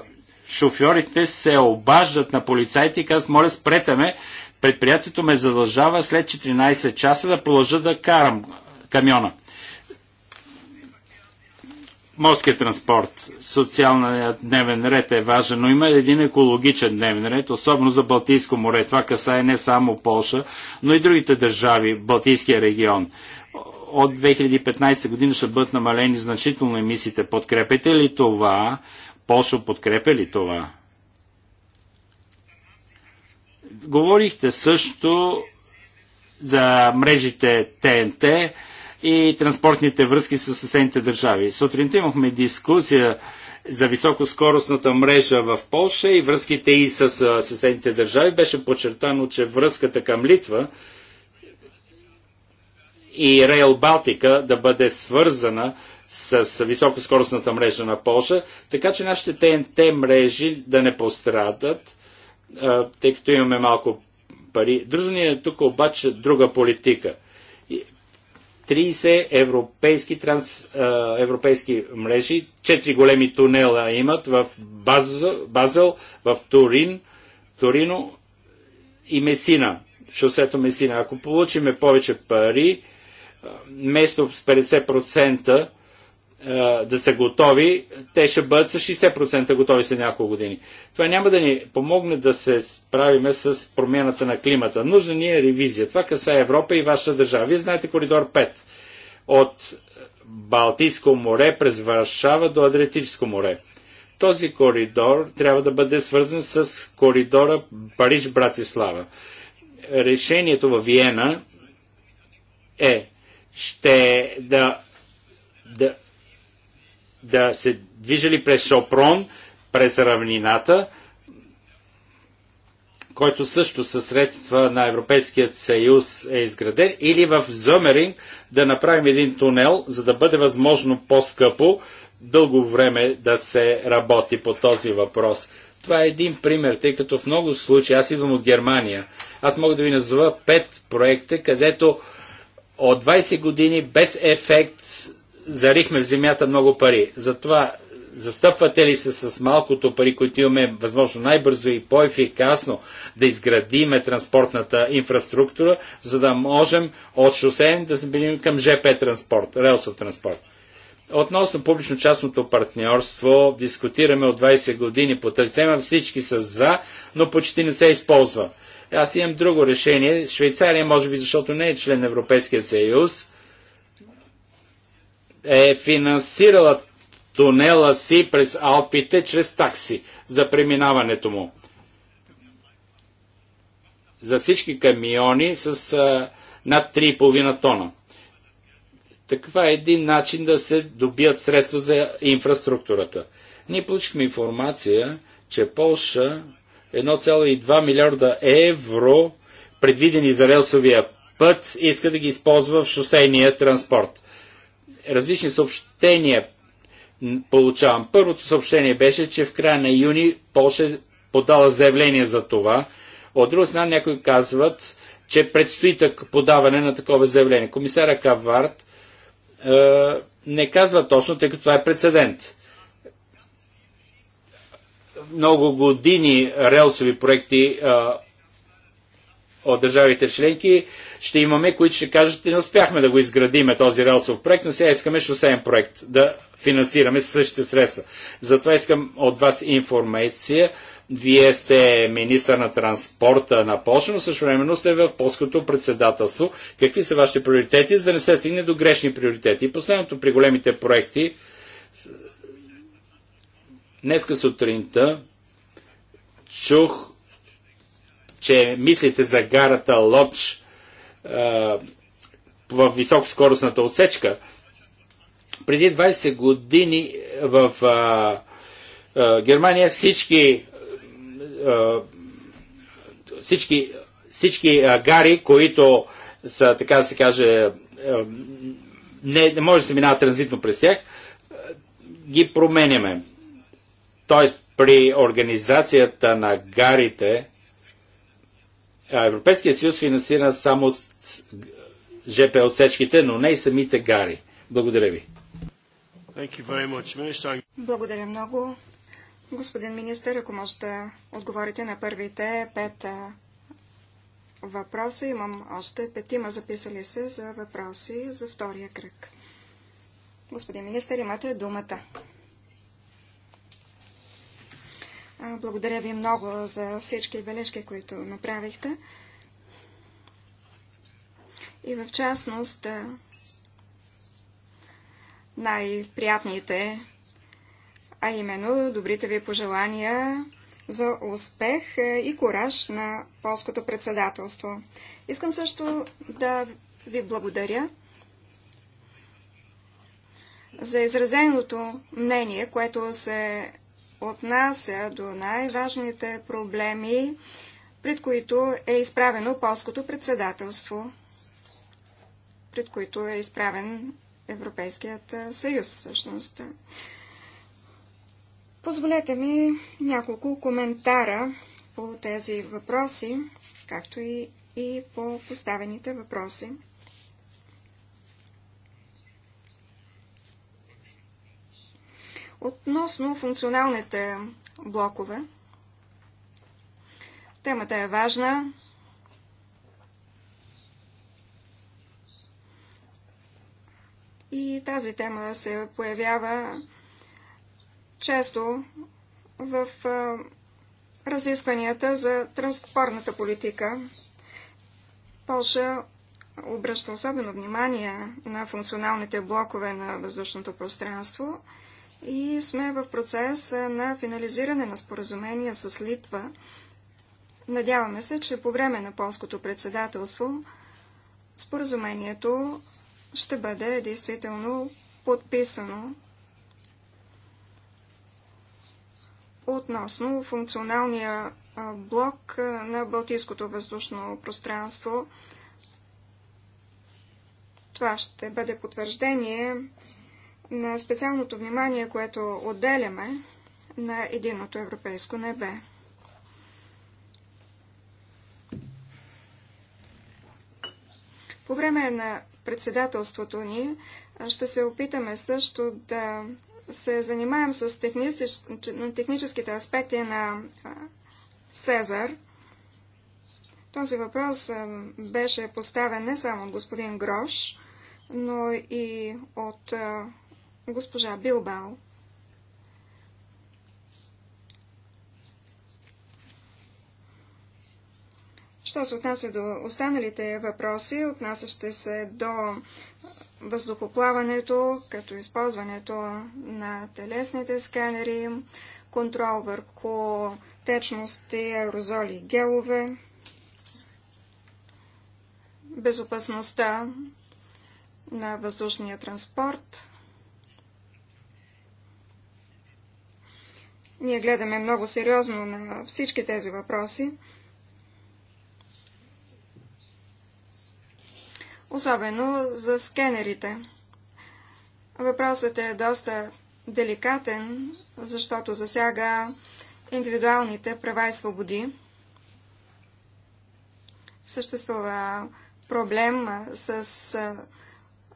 шофьорите се обаждат на полицайите и казват, моля спретаме, Предприятието ме задължава след 14 часа да продължа да карам камиона. Морският транспорт, социалният дневен ред е важен, но има един екологичен дневен ред, особено за Балтийско море. Това касае не само Полша, но и другите държави, Балтийския регион от 2015 година ще бъдат намалени значително емисиите. Подкрепете ли това? Пошо, подкрепя ли това? Говорихте също за мрежите ТНТ и транспортните връзки с съседните държави. Сутринта имахме дискусия за високоскоростната мрежа в Польша и връзките и с съседните държави. Беше подчертано, че връзката към Литва и Рейл Балтика да бъде свързана с високоскоростната мрежа на Польша, така че нашите ТНТ мрежи да не пострадат тъй като имаме малко пари. Дружно ни е тук обаче друга политика. 30 европейски, транс, европейски мрежи, 4 големи тунела имат в Базел, Базел в Турин, Торино и Месина, шосето Месина. Ако получиме повече пари, место с 50% е, да са готови, те ще бъдат с 60% готови след няколко години. Това няма да ни помогне да се справиме с промяната на климата. Нужна ни е ревизия. Това касае Европа и вашата държава. Вие знаете коридор 5 от Балтийско море през Варшава до Адриатическо море. Този коридор трябва да бъде свързан с коридора Париж-Братислава. Решението във Виена е ще е да, да да се движили през Шопрон, през равнината, който също със средства на Европейският съюз е изграден, или в Зомеринг да направим един тунел, за да бъде възможно по-скъпо дълго време да се работи по този въпрос. Това е един пример, тъй като в много случаи, аз идвам от Германия, аз мога да ви назова пет проекта, където от 20 години без ефект зарихме в земята много пари. Затова застъпвате ли се с малкото пари, които имаме възможно най-бързо и по-ефикасно да изградиме транспортната инфраструктура, за да можем от шосеен да се преминем към ЖП транспорт, релсов транспорт. Относно публично-частното партньорство, дискутираме от 20 години по тази тема, всички са за, но почти не се използва. Аз имам друго решение. Швейцария, може би, защото не е член на Европейския съюз, е финансирала тунела си през Алпите чрез такси за преминаването му. За всички камиони с а, над 3,5 тона. Такова е един начин да се добият средства за инфраструктурата. Ние получихме информация, че Полша 1,2 милиарда евро, предвидени за релсовия път, иска да ги използва в шосейния транспорт различни съобщения получавам. Първото съобщение беше, че в края на юни Польша е подала заявление за това. От друга страна някои казват, че предстои так подаване на такова заявление. Комисара Кавард е, не казва точно, тъй като това е прецедент. Много години релсови проекти е, от държавите членки ще имаме, които ще кажат, не успяхме да го изградиме този релсов проект, но сега искаме шосеен проект да финансираме със същите средства. Затова искам от вас информация. Вие сте министър на транспорта на Польша, но също времено сте в полското председателство. Какви са вашите приоритети, за да не се стигне до грешни приоритети? И последното при големите проекти, днеска сутринта чух, че мислите за гарата Лодж в високоскоростната отсечка. Преди 20 години в а, а, Германия всички, а, всички, всички а, гари, които са, така да се каже, а, не, не може да се минава транзитно през тях, а, ги променяме. Тоест, при организацията на гарите, Европейския съюз финансира само ЖП отсечките, но не и самите гари. Благодаря ви. Благодаря много. Господин министър, ако може да отговорите на първите пет въпроса, имам още петима записали се за въпроси за втория кръг. Господин министър, имате думата. Благодаря ви много за всички бележки, които направихте. И в частност, най-приятните, а именно добрите ви пожелания за успех и кораж на полското председателство. Искам също да ви благодаря за изразеното мнение, което се отнася до най-важните проблеми, пред които е изправено полското председателство пред които е изправен Европейският съюз, всъщност. Позволете ми няколко коментара по тези въпроси, както и, и по поставените въпроси. Относно функционалните блокове, темата е важна, И тази тема се появява често в разискванията за транспортната политика. Полша обръща особено внимание на функционалните блокове на въздушното пространство и сме в процес на финализиране на споразумения с Литва. Надяваме се, че по време на полското председателство споразумението ще бъде действително подписано относно функционалния блок на Балтийското въздушно пространство. Това ще бъде потвърждение на специалното внимание, което отделяме на единото европейско небе. По време на председателството ни ще се опитаме също да се занимаем с техническите аспекти на Сезар. Този въпрос беше поставен не само от господин Грош, но и от госпожа Билбао. Що се отнася до останалите въпроси, отнасящи се до въздухоплаването, като използването на телесните сканери, контрол върху течности, аерозоли и гелове, безопасността на въздушния транспорт. Ние гледаме много сериозно на всички тези въпроси. особено за скенерите. Въпросът е доста деликатен, защото засяга индивидуалните права и свободи. Съществува проблем с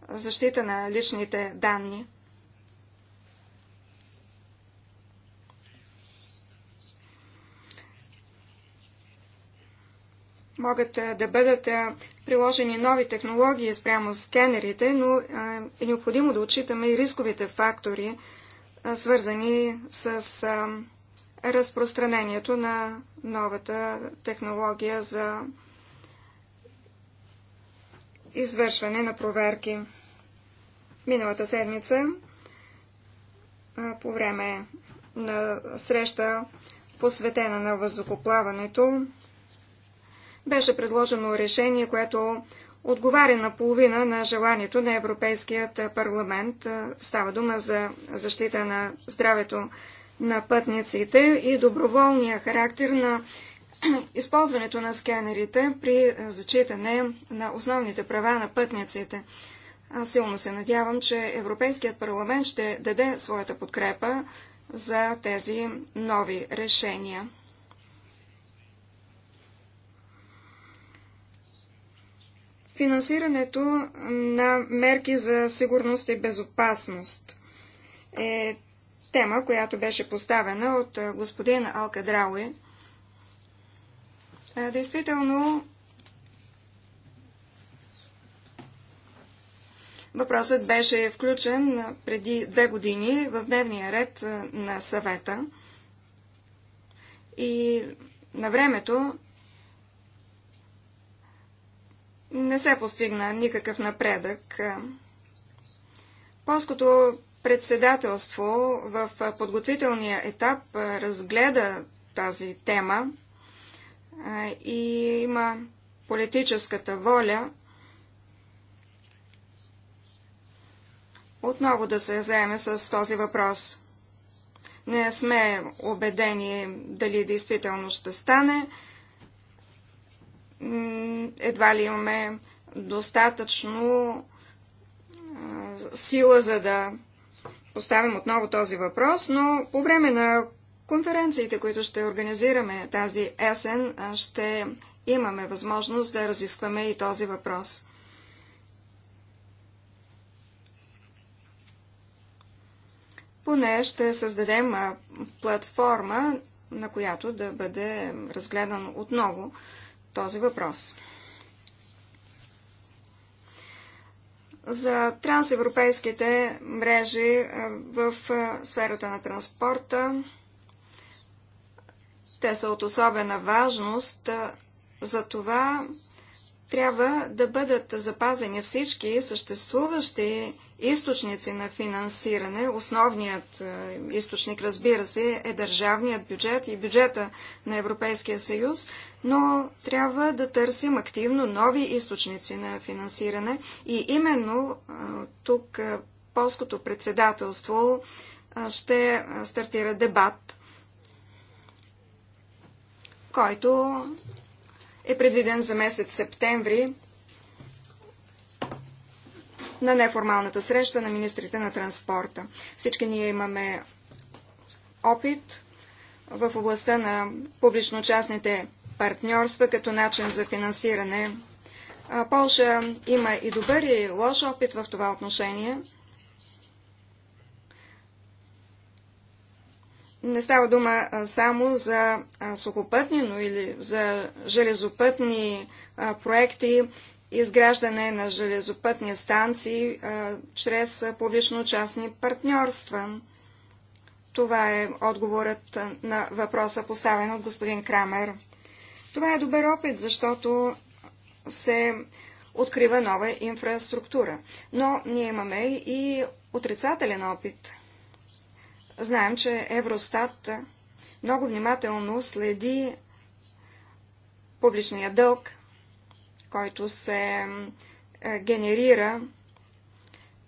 защита на личните данни. могат да бъдат приложени нови технологии спрямо скенерите, но е необходимо да отчитаме и рисковите фактори, свързани с разпространението на новата технология за извършване на проверки. Миналата седмица, по време на среща посветена на въздухоплаването, беше предложено решение, което отговаря на половина на желанието на Европейският парламент. Става дума за защита на здравето на пътниците и доброволния характер на [CLEARS THROAT] използването на скенерите при зачитане на основните права на пътниците. Аз силно се надявам, че Европейският парламент ще даде своята подкрепа за тези нови решения. Финансирането на мерки за сигурност и безопасност е тема, която беше поставена от господин Алкадрауи. Действително, въпросът беше включен преди две години в дневния ред на съвета и на времето не се постигна никакъв напредък. Полското председателство в подготвителния етап разгледа тази тема и има политическата воля отново да се заеме с този въпрос. Не сме убедени дали действително ще стане едва ли имаме достатъчно сила, за да поставим отново този въпрос, но по време на конференциите, които ще организираме тази есен, ще имаме възможност да разискваме и този въпрос. Поне ще създадем платформа, на която да бъде разгледан отново този въпрос. За трансевропейските мрежи в сферата на транспорта, те са от особена важност, за това трябва да бъдат запазени всички съществуващи източници на финансиране. Основният е, източник, разбира се, е държавният бюджет и бюджета на Европейския съюз, но трябва да търсим активно нови източници на финансиране и именно е, тук е, полското председателство ще стартира дебат, който е предвиден за месец септември на неформалната среща на министрите на транспорта. Всички ние имаме опит в областта на публично-частните партньорства като начин за финансиране. Полша има и добър и лош опит в това отношение. Не става дума само за сухопътни, но или за железопътни проекти изграждане на железопътни станции а, чрез публично-частни партньорства. Това е отговорът на въпроса, поставен от господин Крамер. Това е добър опит, защото се открива нова инфраструктура. Но ние имаме и отрицателен опит. Знаем, че Евростат много внимателно следи публичния дълг който се е, генерира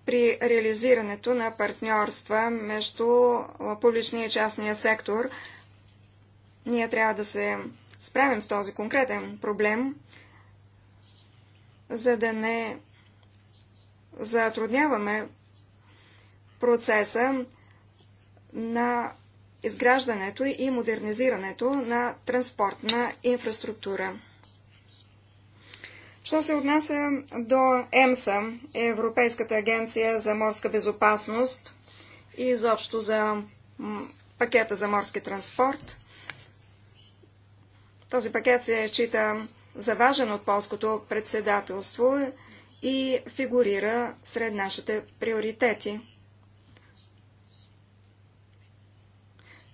при реализирането на партньорства между е, публичния и частния сектор. Ние трябва да се справим с този конкретен проблем, за да не затрудняваме процеса на изграждането и модернизирането на транспортна инфраструктура. Що се отнася до ЕМСА, Европейската агенция за морска безопасност и изобщо за пакета за морски транспорт, този пакет се чита за важен от полското председателство и фигурира сред нашите приоритети.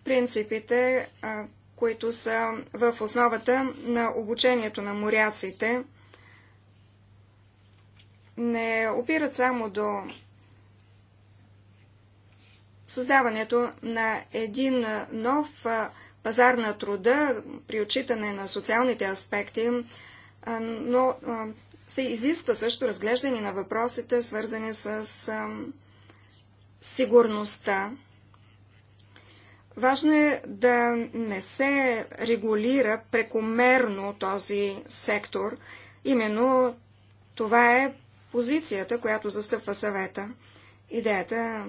Принципите, които са в основата на обучението на моряците – не опират само до създаването на един нов пазар на труда при отчитане на социалните аспекти, но се изисква също разглеждане на въпросите, свързани с сигурността. Важно е да не се регулира прекомерно този сектор. Именно това е позицията, която застъпва съвета. Идеята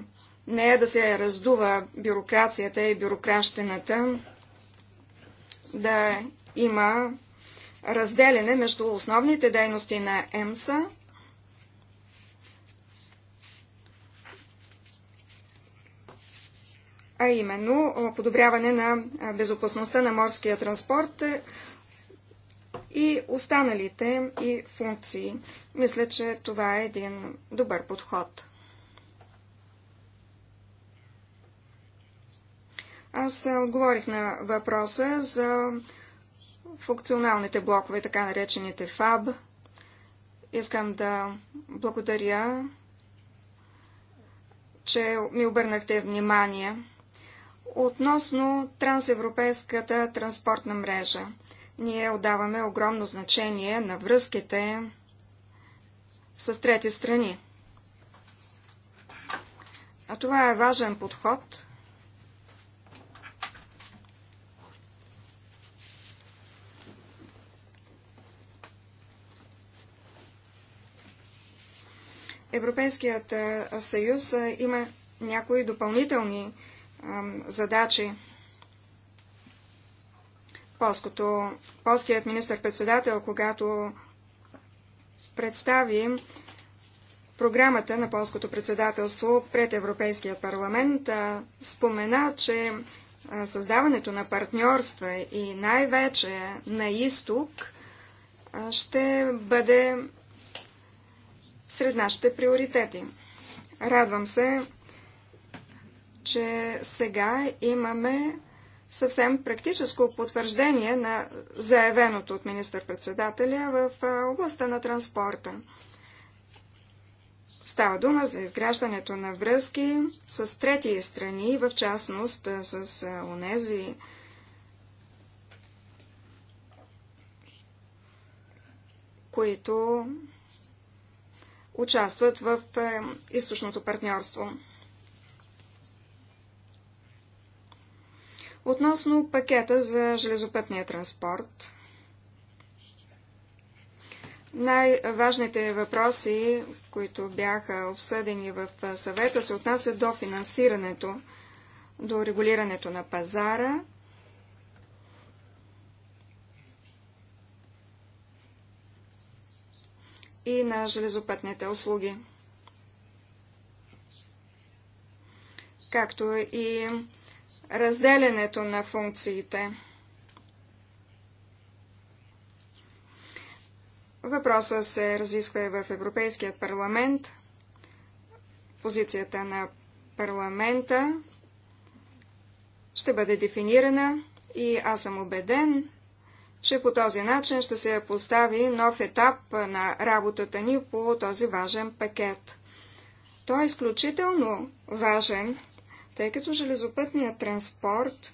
не е да се раздува бюрокрацията и бюрокращената, да има разделяне между основните дейности на ЕМСА а именно подобряване на безопасността на морския транспорт, и останалите и функции. Мисля, че това е един добър подход. Аз отговорих на въпроса за функционалните блокове, така наречените ФАБ. Искам да благодаря, че ми обърнахте внимание относно трансевропейската транспортна мрежа. Ние отдаваме огромно значение на връзките с трети страни. А това е важен подход. Европейският съюз има някои допълнителни задачи Полското, полският министр-председател, когато представи програмата на полското председателство пред Европейския парламент, спомена, че създаването на партньорства и най-вече на изток ще бъде сред нашите приоритети. Радвам се, че сега имаме съвсем практическо потвърждение на заявеното от министър-председателя в областта на транспорта. Става дума за изграждането на връзки с трети страни, в частност с онези които участват в източното партньорство. Относно пакета за железопътния транспорт, най-важните въпроси, които бяха обсъдени в съвета, се отнасят до финансирането, до регулирането на пазара, и на железопътните услуги, както и разделянето на функциите. Въпроса се разисква и в Европейският парламент. Позицията на парламента ще бъде дефинирана и аз съм убеден, че по този начин ще се постави нов етап на работата ни по този важен пакет. Той е изключително важен тъй като железопътният транспорт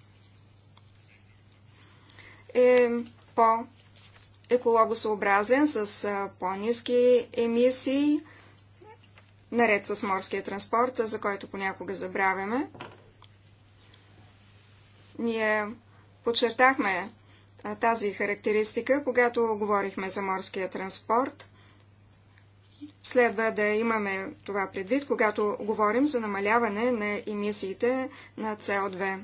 е по-екологосъобразен, с по-низки емисии, наред с морския транспорт, за който понякога забравяме. Ние подчертахме тази характеристика, когато говорихме за морския транспорт – Следва да имаме това предвид, когато говорим за намаляване на емисиите на СО2.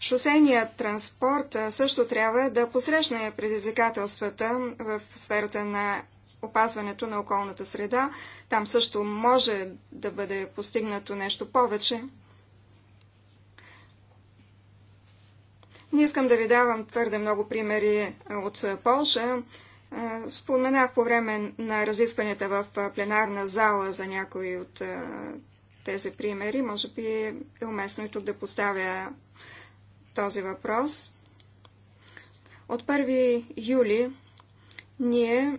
Шосейният транспорт също трябва да посрещне предизвикателствата в сферата на опазването на околната среда. Там също може да бъде постигнато нещо повече. Не искам да ви давам твърде много примери от Полша, Споменах по време на разискванията в пленарна зала за някои от тези примери. Може би е уместно и тук да поставя този въпрос. От 1 юли ние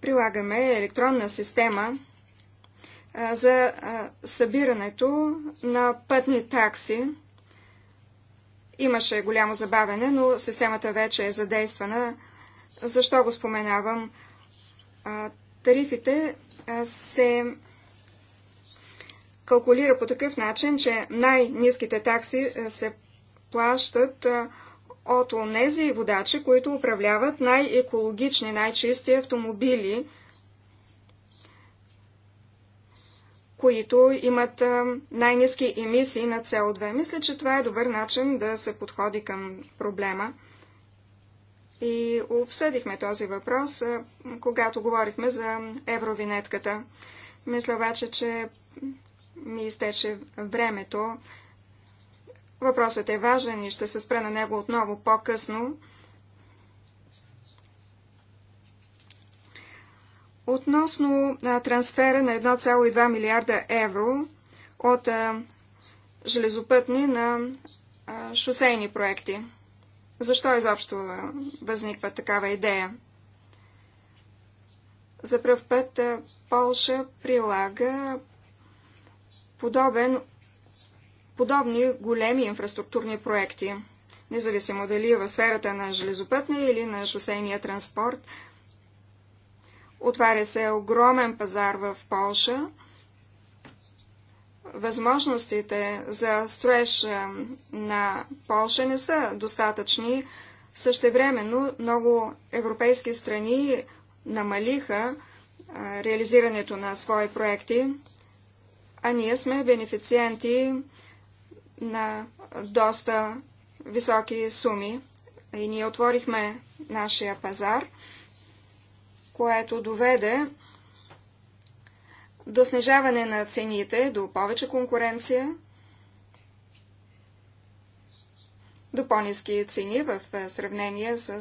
прилагаме електронна система за събирането на пътни такси Имаше голямо забавене, но системата вече е задействана. Защо го споменавам? Тарифите се калкулира по такъв начин, че най-низките такси се плащат от онези водачи, които управляват най-екологични, най-чисти автомобили – които имат най-низки емисии на CO2. Мисля, че това е добър начин да се подходи към проблема. И обсъдихме този въпрос, когато говорихме за евровинетката. Мисля обаче, че ми изтече времето. Въпросът е важен и ще се спра на него отново по-късно. Относно а, трансфера на 1,2 милиарда евро от а, железопътни на а, шосейни проекти. Защо изобщо а, възниква такава идея? За пръв път а, Полша прилага подобен, подобни големи инфраструктурни проекти. Независимо дали е в сферата на железопътния или на шосейния транспорт – Отваря се огромен пазар в Полша. Възможностите за строеж е, на Полша не са достатъчни. Същевременно много европейски страни намалиха е, реализирането на свои проекти, а ние сме бенефициенти на доста високи суми и ние отворихме нашия пазар – което доведе до снижаване на цените, до повече конкуренция, до по-низки цени в сравнение с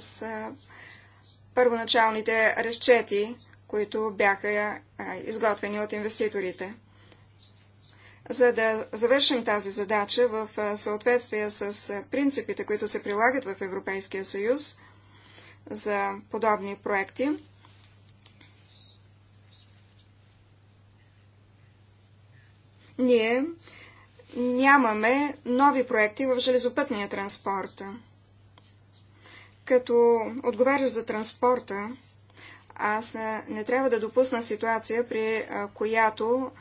първоначалните разчети, които бяха изготвени от инвеститорите. За да завършим тази задача в съответствие с принципите, които се прилагат в Европейския съюз за подобни проекти, ние нямаме нови проекти в железопътния транспорт. Като отговаряш за транспорта, аз не трябва да допусна ситуация, при която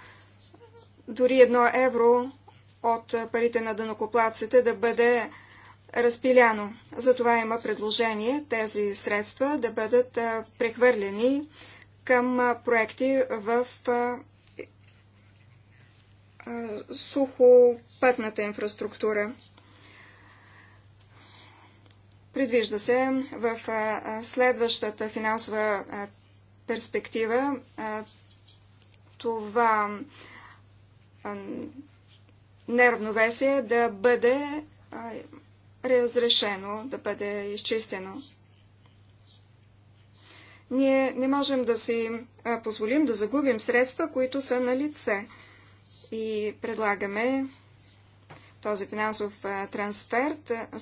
дори едно евро от парите на дънокоплаците да бъде разпиляно. Затова има предложение тези средства да бъдат прехвърлени към проекти в сухопътната инфраструктура. Предвижда се в следващата финансова перспектива това неравновесие да бъде разрешено, да бъде изчистено. Ние не можем да си позволим да загубим средства, които са на лице и предлагаме този финансов трансфер,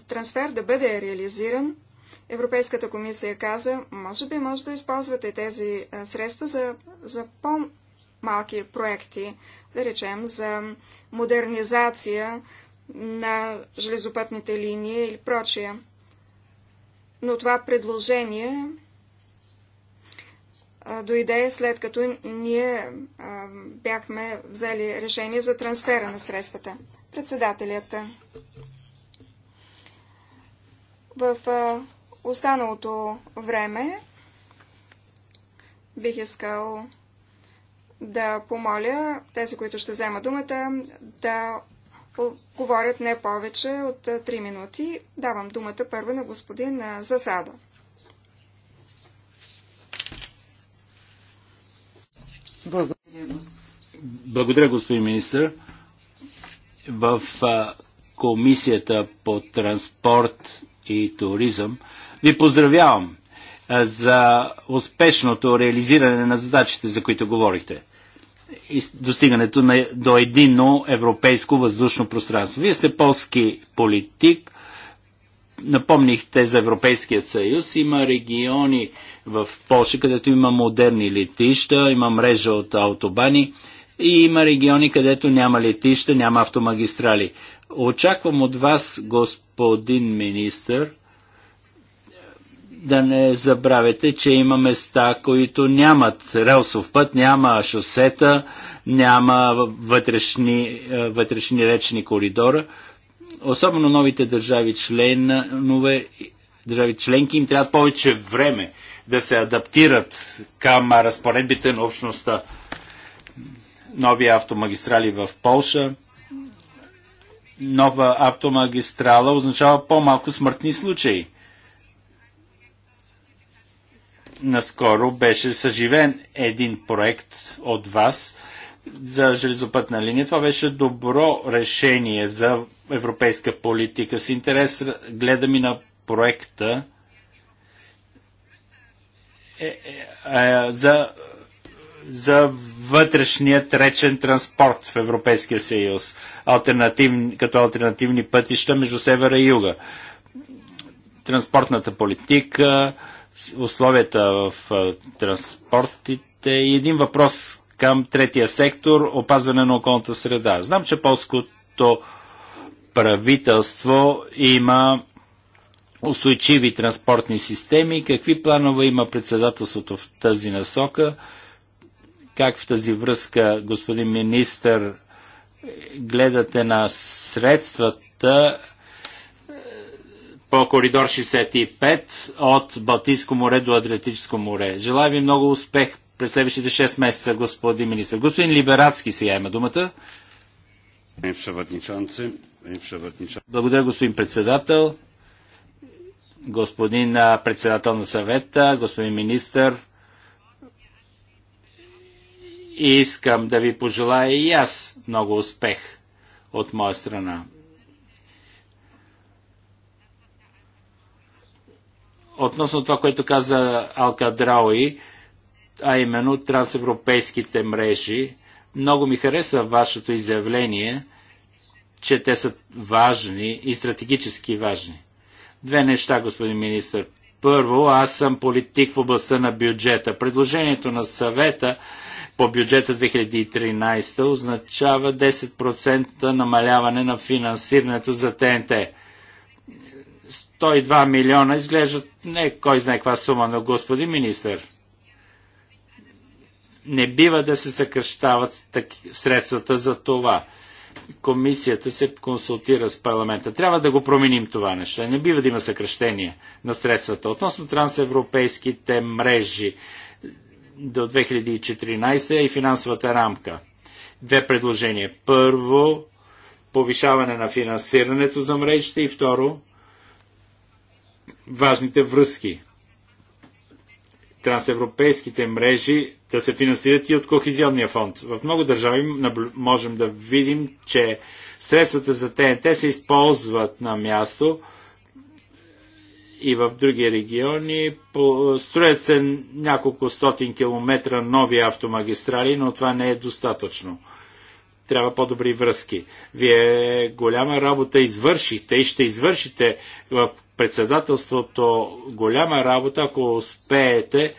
трансфер да бъде реализиран. Европейската комисия каза, може би може да използвате тези средства за, за по-малки проекти, да речем за модернизация на железопътните линии или прочие. Но това предложение дойде след като ние бяхме взели решение за трансфера на средствата. Председателят в останалото време бих искал да помоля тези, които ще взема думата, да говорят не повече от 3 минути. Давам думата първо на господин Засада. Благодаря, господин. Благодаря, господин министр. В а, комисията по транспорт и туризъм ви поздравявам а, за успешното реализиране на задачите, за които говорихте и достигането на, до единно европейско въздушно пространство. Вие сте полски политик, напомнихте за Европейският съюз. Има региони в Польша, където има модерни летища, има мрежа от автобани и има региони, където няма летища, няма автомагистрали. Очаквам от вас, господин министр, да не забравяте, че има места, които нямат релсов път, няма шосета, няма вътрешни, вътрешни речни коридора особено новите държави членове, държави членки им трябва повече време да се адаптират към разпоредбите на общността. Нови автомагистрали в Полша. Нова автомагистрала означава по-малко смъртни случаи. Наскоро беше съживен един проект от вас за железопътна линия. Това беше добро решение за европейска политика. С интерес гледам и на проекта е, е, е, за, за вътрешният речен транспорт в Европейския съюз, альтернатив, като альтернативни пътища между севера и юга. Транспортната политика, условията в транспортите и един въпрос към третия сектор опазване на околната среда. Знам, че полското правителство има устойчиви транспортни системи. Какви планове има председателството в тази насока? Как в тази връзка, господин министър, гледате на средствата е, по коридор 65 от Балтийско море до Адриатическо море. Желая ви много успех през следващите 6 месеца, господин министр. Господин Либерацки сега има думата. Благодаря, господин председател, господин председател на съвета, господин министър. Искам да ви пожелая и аз много успех от моя страна. Относно това, което каза Алка Драуи, а именно трансевропейските мрежи, много ми хареса вашето изявление, че те са важни и стратегически важни. Две неща, господин министр. Първо, аз съм политик в областта на бюджета. Предложението на съвета по бюджета 2013 означава 10% намаляване на финансирането за ТНТ. 102 милиона изглеждат не кой знае каква сума, но господин министър, не бива да се съкръщават средствата за това. Комисията се консултира с парламента. Трябва да го променим това нещо. Не бива да има съкръщение на средствата. Относно трансевропейските мрежи до 2014 е и финансовата рамка. Две предложения. Първо, повишаване на финансирането за мрежите и второ, важните връзки трансевропейските мрежи да се финансират и от Кохизионния фонд. В много държави можем да видим, че средствата за ТНТ се използват на място и в други региони. Строят се няколко стотин километра нови автомагистрали, но това не е достатъчно трябва по-добри връзки. Вие голяма работа извършихте и ще извършите в председателството голяма работа, ако успеете е,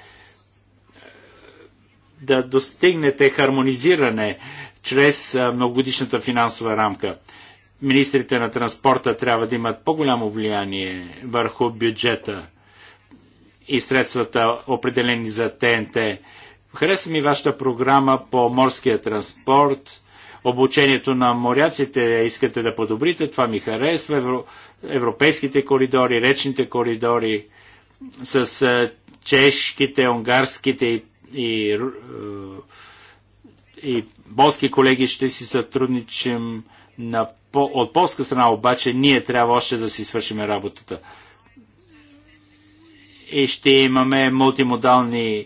да достигнете хармонизиране чрез е, многогодишната финансова рамка. Министрите на транспорта трябва да имат по-голямо влияние върху бюджета и средствата, определени за ТНТ. Хареса ми вашата програма по морския транспорт обучението на моряците е, искате да подобрите, това ми харесва, европейските коридори, речните коридори с е, чешките, унгарските и, и, е, и болски колеги ще си сътрудничим на, от полска страна, обаче ние трябва още да си свършим работата. И ще имаме мултимодални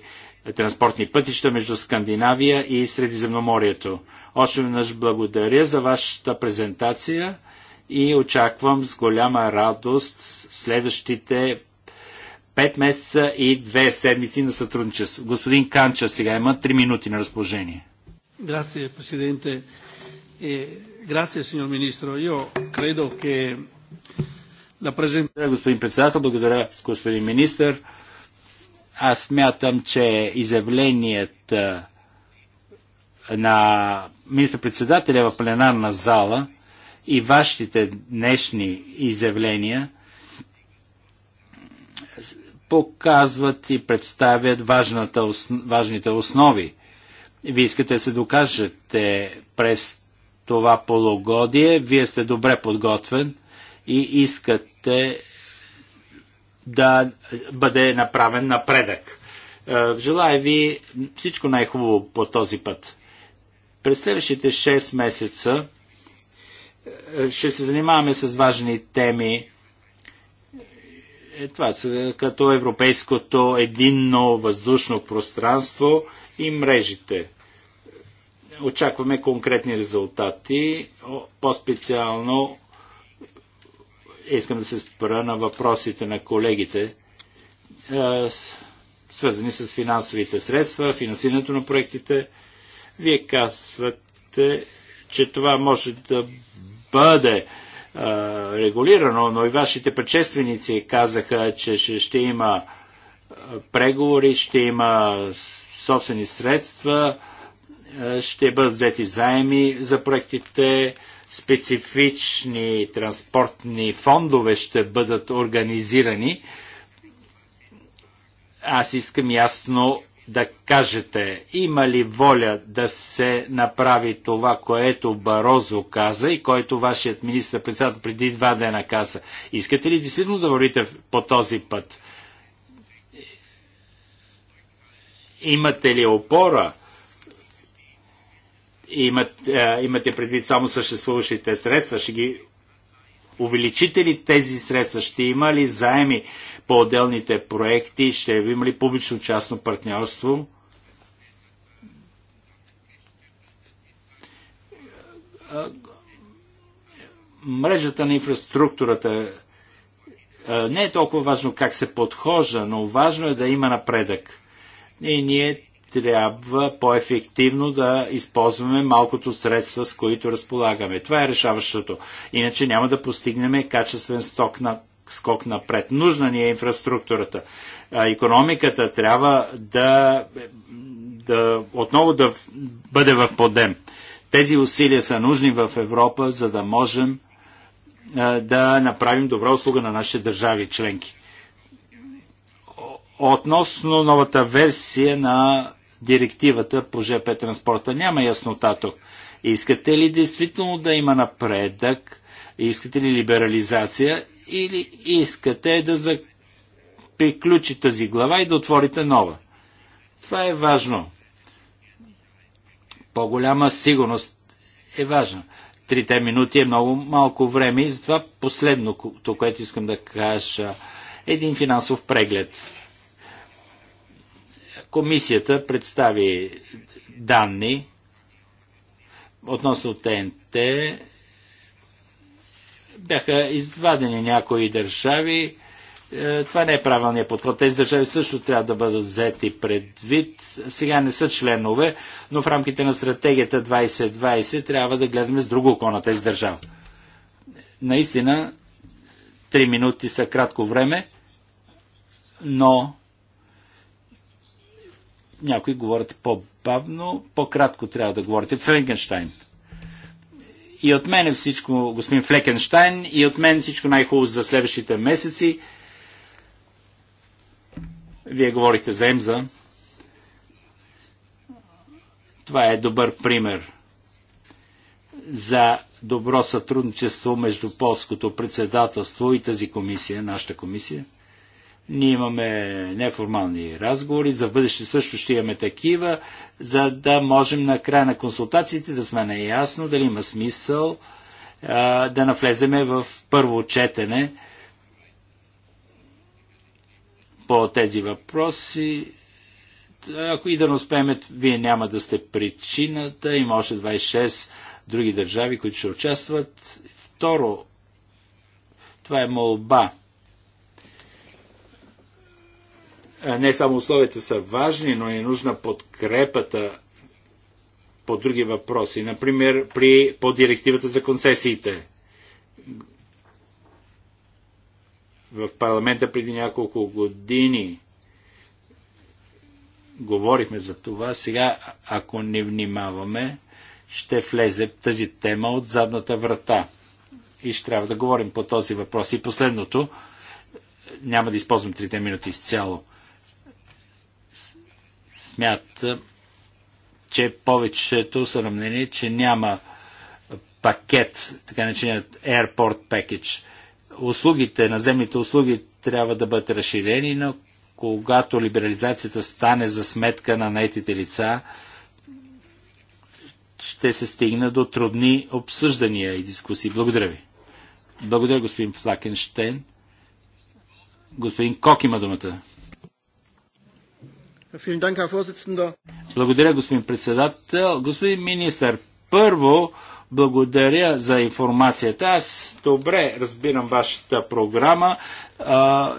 транспортни пътища между Скандинавия и Средиземноморието. Още веднъж благодаря за вашата презентация и очаквам с голяма радост следващите пет месеца и две седмици на сътрудничество. Господин Канча сега има три минути на разположение. Grazie Presidente, e grazie signor Ministro. Io credo che la presentazione... Господин председател, благодаря господин министър. Аз мятам, че изявленията на министър-председателя в пленарна зала и вашите днешни изявления показват и представят важната, важните основи. Вие искате да се докажете през това полугодие, вие сте добре подготвен и искате да бъде направен напредък. Е, желая ви всичко най-хубаво по този път. През следващите 6 месеца е, ще се занимаваме с важни теми. Е, това са като европейското единно въздушно пространство и мрежите. Очакваме конкретни резултати, по-специално искам да се спра на въпросите на колегите, е, свързани с финансовите средства, финансирането на проектите. Вие казвате, че това може да бъде е, регулирано, но и вашите предшественици казаха, че ще има е, преговори, ще има собствени средства, ще бъдат взети заеми за проектите, специфични транспортни фондове ще бъдат организирани. Аз искам ясно да кажете, има ли воля да се направи това, което Барозо каза и което вашият министър председател преди два дена каза. Искате ли действително да вървите по този път? Имате ли опора? имат, а, е, имате предвид само съществуващите средства, ще ги увеличите ли тези средства, ще има ли заеми по отделните проекти, ще има ли публично-частно партньорство? Мрежата на инфраструктурата е, не е толкова важно как се подхожда, но важно е да има напредък. И ние трябва по-ефективно да използваме малкото средства, с които разполагаме. Това е решаващото. Иначе няма да постигнем качествен сток на скок напред. Нужна ни е инфраструктурата. А, економиката трябва да, да отново да бъде в подем. Тези усилия са нужни в Европа, за да можем а, да направим добра услуга на нашите държави членки относно новата версия на директивата по ЖП транспорта. Няма яснота тук. Искате ли действително да има напредък? Искате ли либерализация? Или искате да за... приключи тази глава и да отворите нова? Това е важно. По-голяма сигурност е важна. Трите минути е много малко време и затова последното, което искам да кажа, е един финансов преглед Комисията представи данни относно ТНТ. Бяха извадени някои държави. Е, това не е правилният подход. Тези държави също трябва да бъдат взети предвид. Сега не са членове, но в рамките на стратегията 2020 трябва да гледаме с друго око на тези държави. Наистина, 3 минути са кратко време, но някои говорят по-бавно, по-кратко трябва да говорите. Фленкенштайн. И от мен е всичко, господин Флекенштайн, и от мен всичко най-хубаво за следващите месеци. Вие говорите за Емза. Това е добър пример за добро сътрудничество между полското председателство и тази комисия, нашата комисия. Ние имаме неформални разговори, за бъдеще също ще имаме такива, за да можем на края на консултациите да сме наясно дали има смисъл а, да навлеземе в първо четене по тези въпроси. Ако и да не успеем, вие няма да сте причината. Има още 26 други държави, които ще участват. Второ, това е молба Не само условията са важни, но е нужна подкрепата по други въпроси. Например, при, по директивата за концесиите. В парламента преди няколко години говорихме за това. Сега, ако не внимаваме, ще влезе тази тема от задната врата. И ще трябва да говорим по този въпрос. И последното, няма да използвам трите минути изцяло смята, че повечето са мнение, че няма пакет, така начинят Airport Package. Услугите, наземните услуги трябва да бъдат разширени, но когато либерализацията стане за сметка на наетите лица, ще се стигне до трудни обсъждания и дискусии. Благодаря ви. Благодаря, господин Флакенштейн. Господин Кок има думата. Благодаря, господин председател. Господин министър, първо благодаря за информацията. Аз добре разбирам вашата програма а,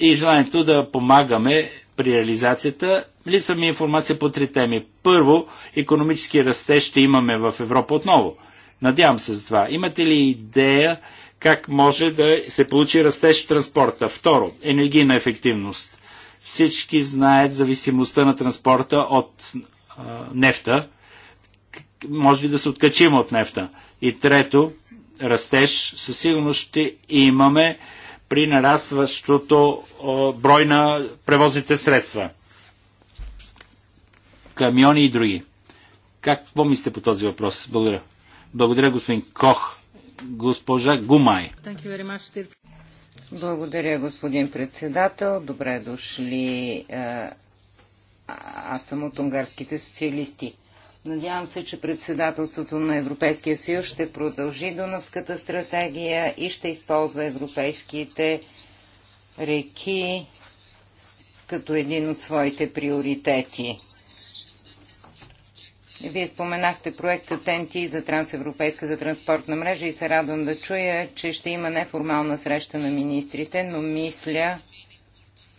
и желанието да помагаме при реализацията. Липсва ми информация по три теми. Първо, економически растеж ще имаме в Европа отново. Надявам се за това. Имате ли идея как може да се получи растеж в транспорта? Второ, енергийна ефективност всички знаят зависимостта на транспорта от а, нефта. Може ли да се откачим от нефта? И трето, растеж. Със сигурност ще имаме при нарастващото а, брой на превозните средства. Камиони и други. Как помислите по този въпрос? Благодаря. Благодаря, господин Кох. Госпожа Гумай. Благодаря, господин председател. Добре дошли. Е, аз съм от унгарските социалисти. Надявам се, че председателството на Европейския съюз ще продължи Дунавската стратегия и ще използва европейските реки като един от своите приоритети. Вие споменахте проекта ТНТ за трансевропейската транспортна мрежа и се радвам да чуя, че ще има неформална среща на министрите, но мисля,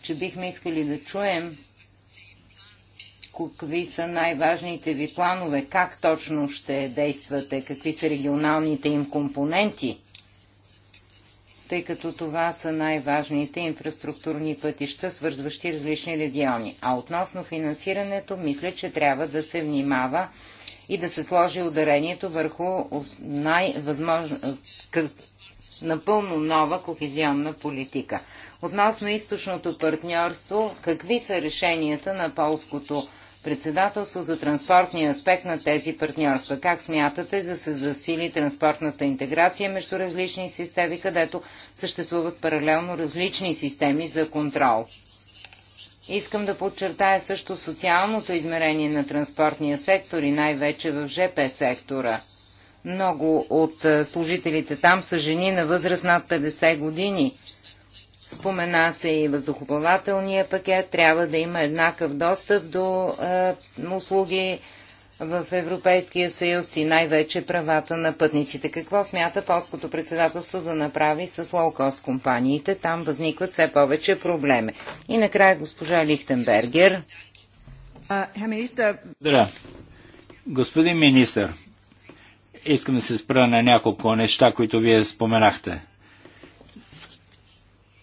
че бихме искали да чуем какви са най-важните ви планове, как точно ще действате, какви са регионалните им компоненти тъй като това са най-важните инфраструктурни пътища, свързващи различни региони. А относно финансирането, мисля, че трябва да се внимава и да се сложи ударението върху най-възможно, напълно нова кохезионна политика. Относно източното партньорство, какви са решенията на полското председателство за транспортния аспект на тези партньорства? Как смятате да се засили транспортната интеграция между различни системи, където съществуват паралелно различни системи за контрол? Искам да подчертая също социалното измерение на транспортния сектор и най-вече в ЖП сектора. Много от служителите там са жени на възраст над 50 години Спомена се и въздухоплавателния пакет. Трябва да има еднакъв достъп до е, услуги в Европейския съюз и най-вече правата на пътниците. Какво смята полското председателство да направи с лоукост компаниите? Там възникват все повече проблеми. И накрая госпожа Лихтенбергер. Здравейте. Господин министър, искам да се спра на няколко неща, които вие споменахте.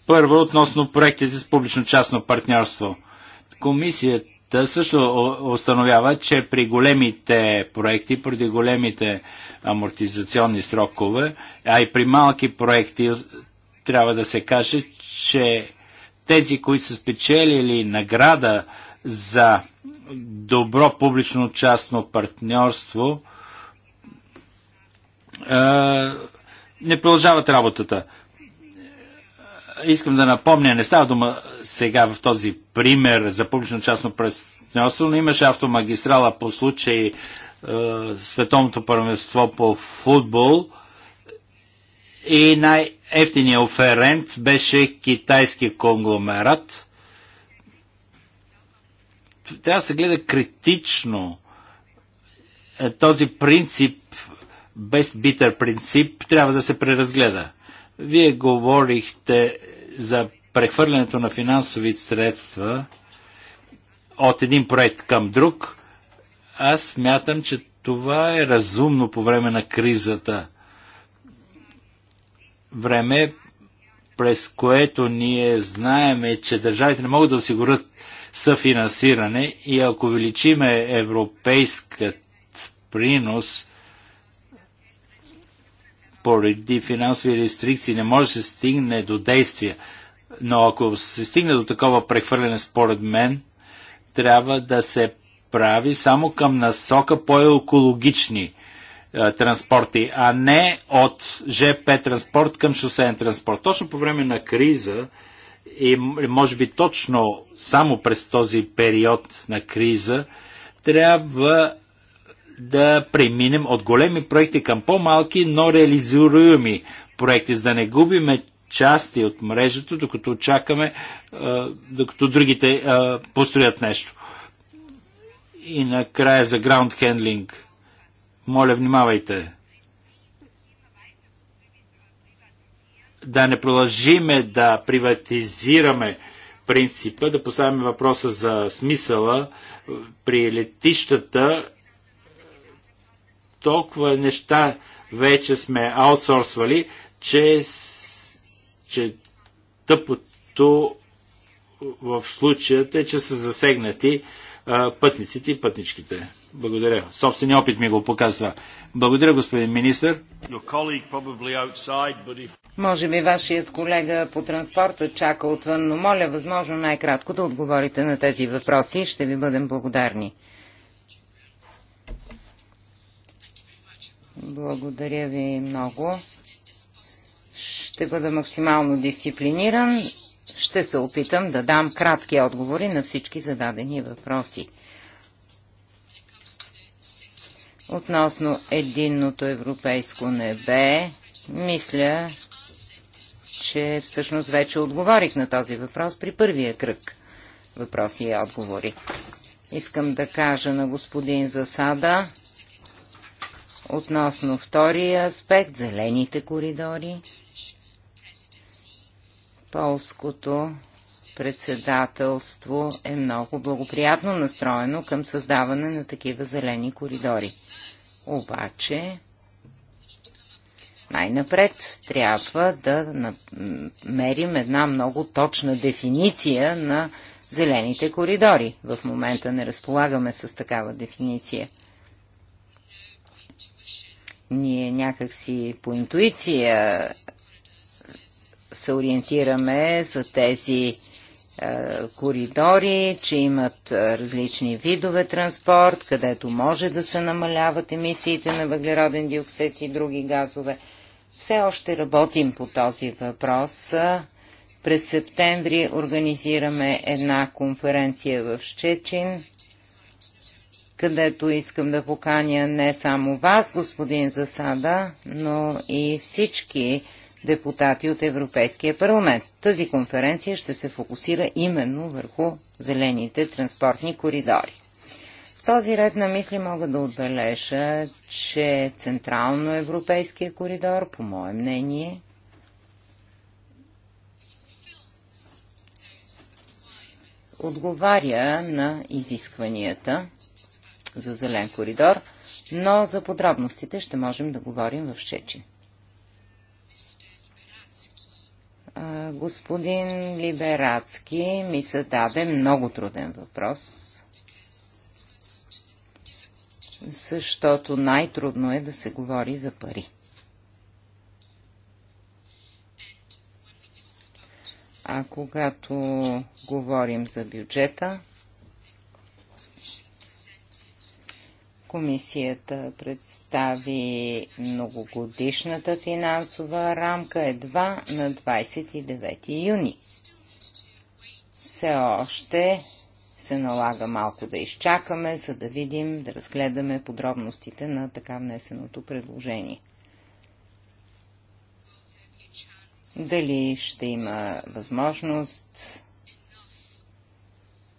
Първо, относно проектите с публично-частно партньорство. Комисията също установява, че при големите проекти, преди големите амортизационни срокове, а и при малки проекти трябва да се каже, че тези, които са спечелили награда за добро публично-частно партньорство, не продължават работата искам да напомня, не става дума сега в този пример за публично-частно партньорство, но имаше автомагистрала по случай е, Световното първенство по футбол и най-ефтиният оферент беше китайски конгломерат. Трябва да се гледа критично е, този принцип, без битър принцип, трябва да се преразгледа вие говорихте за прехвърлянето на финансови средства от един проект към друг. Аз смятам, че това е разумно по време на кризата. Време, през което ние знаеме, че държавите не могат да осигурят съфинансиране и ако увеличиме европейският принос, поради финансови рестрикции не може да се стигне до действия. Но ако се стигне до такова прехвърляне, според мен, трябва да се прави само към насока по-екологични е, транспорти, а не от ЖП транспорт към шосеен транспорт. Точно по време на криза и може би точно само през този период на криза трябва да преминем от големи проекти към по-малки, но реализируеми проекти, за да не губиме части от мрежата, докато чакаме, докато другите построят нещо. И накрая за граунд хендлинг. Моля, внимавайте. Да не продължиме да приватизираме принципа, да поставяме въпроса за смисъла при летищата толкова неща вече сме аутсорсвали, че, че тъпото в случаят е, че са засегнати а, пътниците и пътничките. Благодаря. Собствения опит ми го показва. Благодаря, господин министр. Може би вашият колега по транспорта чака отвън, но моля възможно най-кратко да отговорите на тези въпроси. Ще ви бъдем благодарни. Благодаря ви много. Ще бъда максимално дисциплиниран. Ще се опитам да дам кратки отговори на всички зададени въпроси. Относно единното европейско небе, мисля, че всъщност вече отговорих на този въпрос при първия кръг въпроси и отговори. Искам да кажа на господин Засада, Относно втория аспект, зелените коридори, полското председателство е много благоприятно настроено към създаване на такива зелени коридори. Обаче, най-напред трябва да намерим една много точна дефиниция на зелените коридори. В момента не разполагаме с такава дефиниция. Ние някакси по интуиция се ориентираме за тези е, коридори, че имат е, различни видове транспорт, където може да се намаляват емисиите на въглероден диоксид и други газове. Все още работим по този въпрос. През септември организираме една конференция в Щечин където искам да поканя не само вас, господин Засада, но и всички депутати от Европейския парламент. Тази конференция ще се фокусира именно върху зелените транспортни коридори. В този ред на мисли мога да отбележа, че Централно Европейския коридор, по мое мнение, отговаря на изискванията за зелен коридор, но за подробностите ще можем да говорим в шечин. Господин Либерацки ми се даде много труден въпрос, защото най-трудно е да се говори за пари. А когато говорим за бюджета, Комисията представи многогодишната финансова рамка едва на 29 юни. Все още се налага малко да изчакаме, за да видим, да разгледаме подробностите на така внесеното предложение. Дали ще има възможност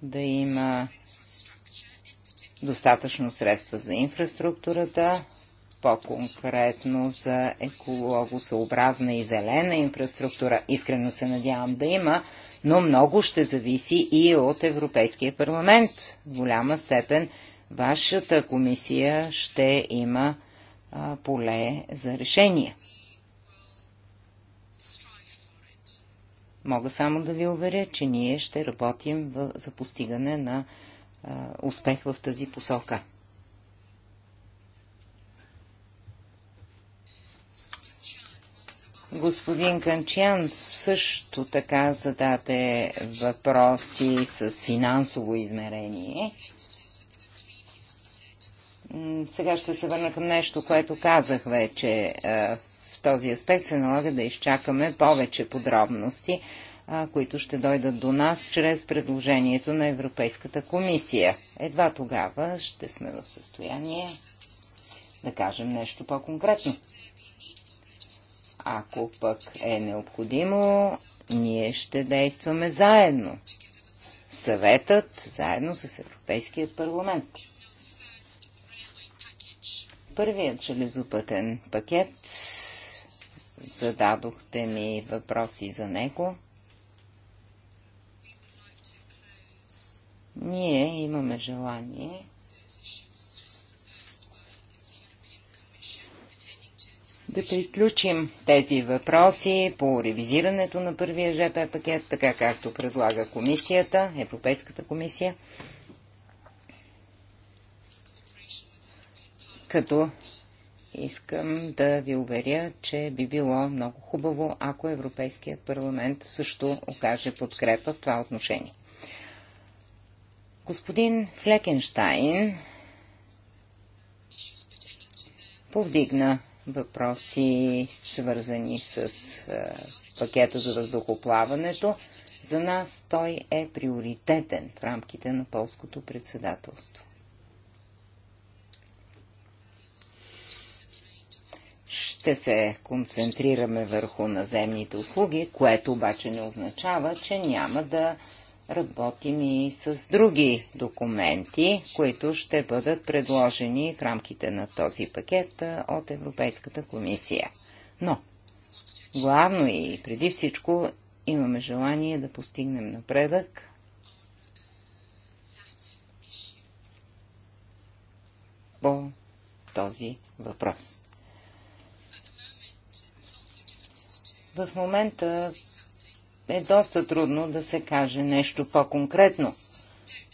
да има достатъчно средства за инфраструктурата, по-конкретно за екологосъобразна и зелена инфраструктура. Искрено се надявам да има, но много ще зависи и от Европейския парламент. В голяма степен вашата комисия ще има а, поле за решение. Мога само да ви уверя, че ние ще работим в, за постигане на успех в тази посока. Господин Канчиан също така зададе въпроси с финансово измерение. Сега ще се върна към нещо, което казах вече. В този аспект се налага да изчакаме повече подробности, които ще дойдат до нас чрез предложението на Европейската комисия. Едва тогава ще сме в състояние да кажем нещо по-конкретно. Ако пък е необходимо, ние ще действаме заедно. Съветът заедно с Европейския парламент. Първият железопътен пакет зададохте ми въпроси за него. Ние имаме желание да приключим тези въпроси по ревизирането на първия ЖП пакет, така както предлага комисията, Европейската комисия, като искам да ви уверя, че би било много хубаво, ако Европейският парламент също окаже подкрепа в това отношение. Господин Флекенштайн повдигна въпроси, свързани с пакета за въздухоплаването. За нас той е приоритетен в рамките на полското председателство. Ще се концентрираме върху наземните услуги, което обаче не означава, че няма да Работим и с други документи, които ще бъдат предложени в рамките на този пакет от Европейската комисия. Но, главно и преди всичко, имаме желание да постигнем напредък по този въпрос. В момента е доста трудно да се каже нещо по-конкретно,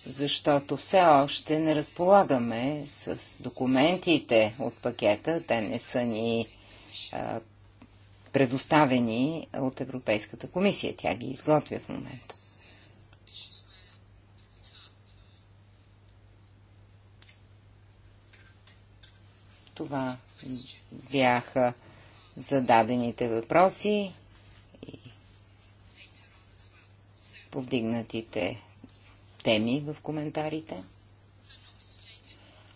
защото все още не разполагаме с документите от пакета. Те не са ни а, предоставени от Европейската комисия. Тя ги изготвя в момента. Това бяха зададените въпроси. повдигнатите теми в коментарите.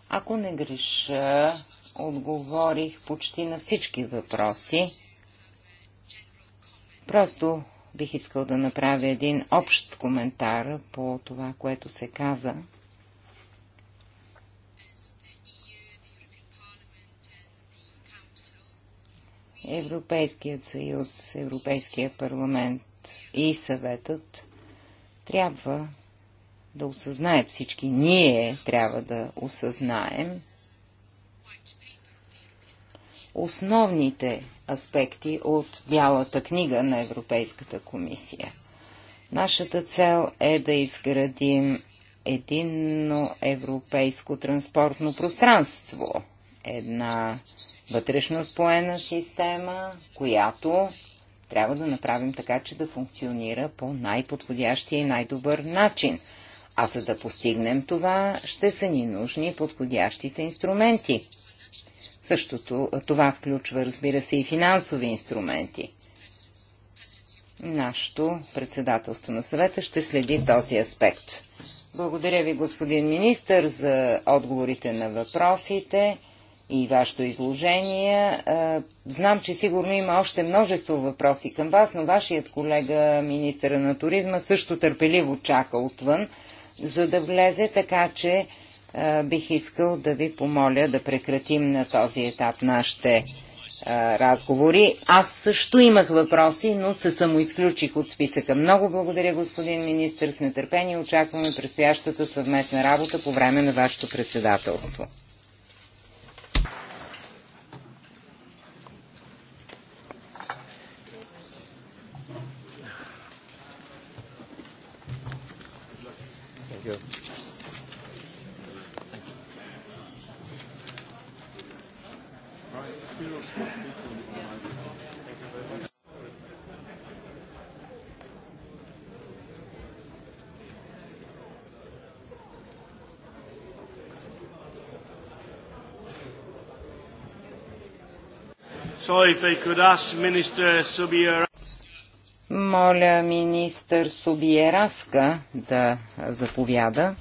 Ако не греша, отговорих почти на всички въпроси. Просто бих искал да направя един общ коментар по това, което се каза. Европейският съюз, Европейския парламент и съветът трябва да осъзнае всички. Ние трябва да осъзнаем основните аспекти от Бялата книга на Европейската комисия. Нашата цел е да изградим единно европейско транспортно пространство, една вътрешно споена система, която трябва да направим така, че да функционира по най-подходящия и най-добър начин. А за да постигнем това, ще са ни нужни подходящите инструменти. Същото това включва, разбира се, и финансови инструменти. Нашето председателство на съвета ще следи този аспект. Благодаря ви, господин министър, за отговорите на въпросите и вашето изложение. Знам, че сигурно има още множество въпроси към вас, но вашият колега, министъра на туризма, също търпеливо чака отвън, за да влезе, така че бих искал да ви помоля да прекратим на този етап нашите разговори. Аз също имах въпроси, но се самоизключих от списъка. Много благодаря, господин министр. С нетърпение очакваме предстоящата съвместна работа по време на вашето председателство. Моля министър Собиераска да заповяда.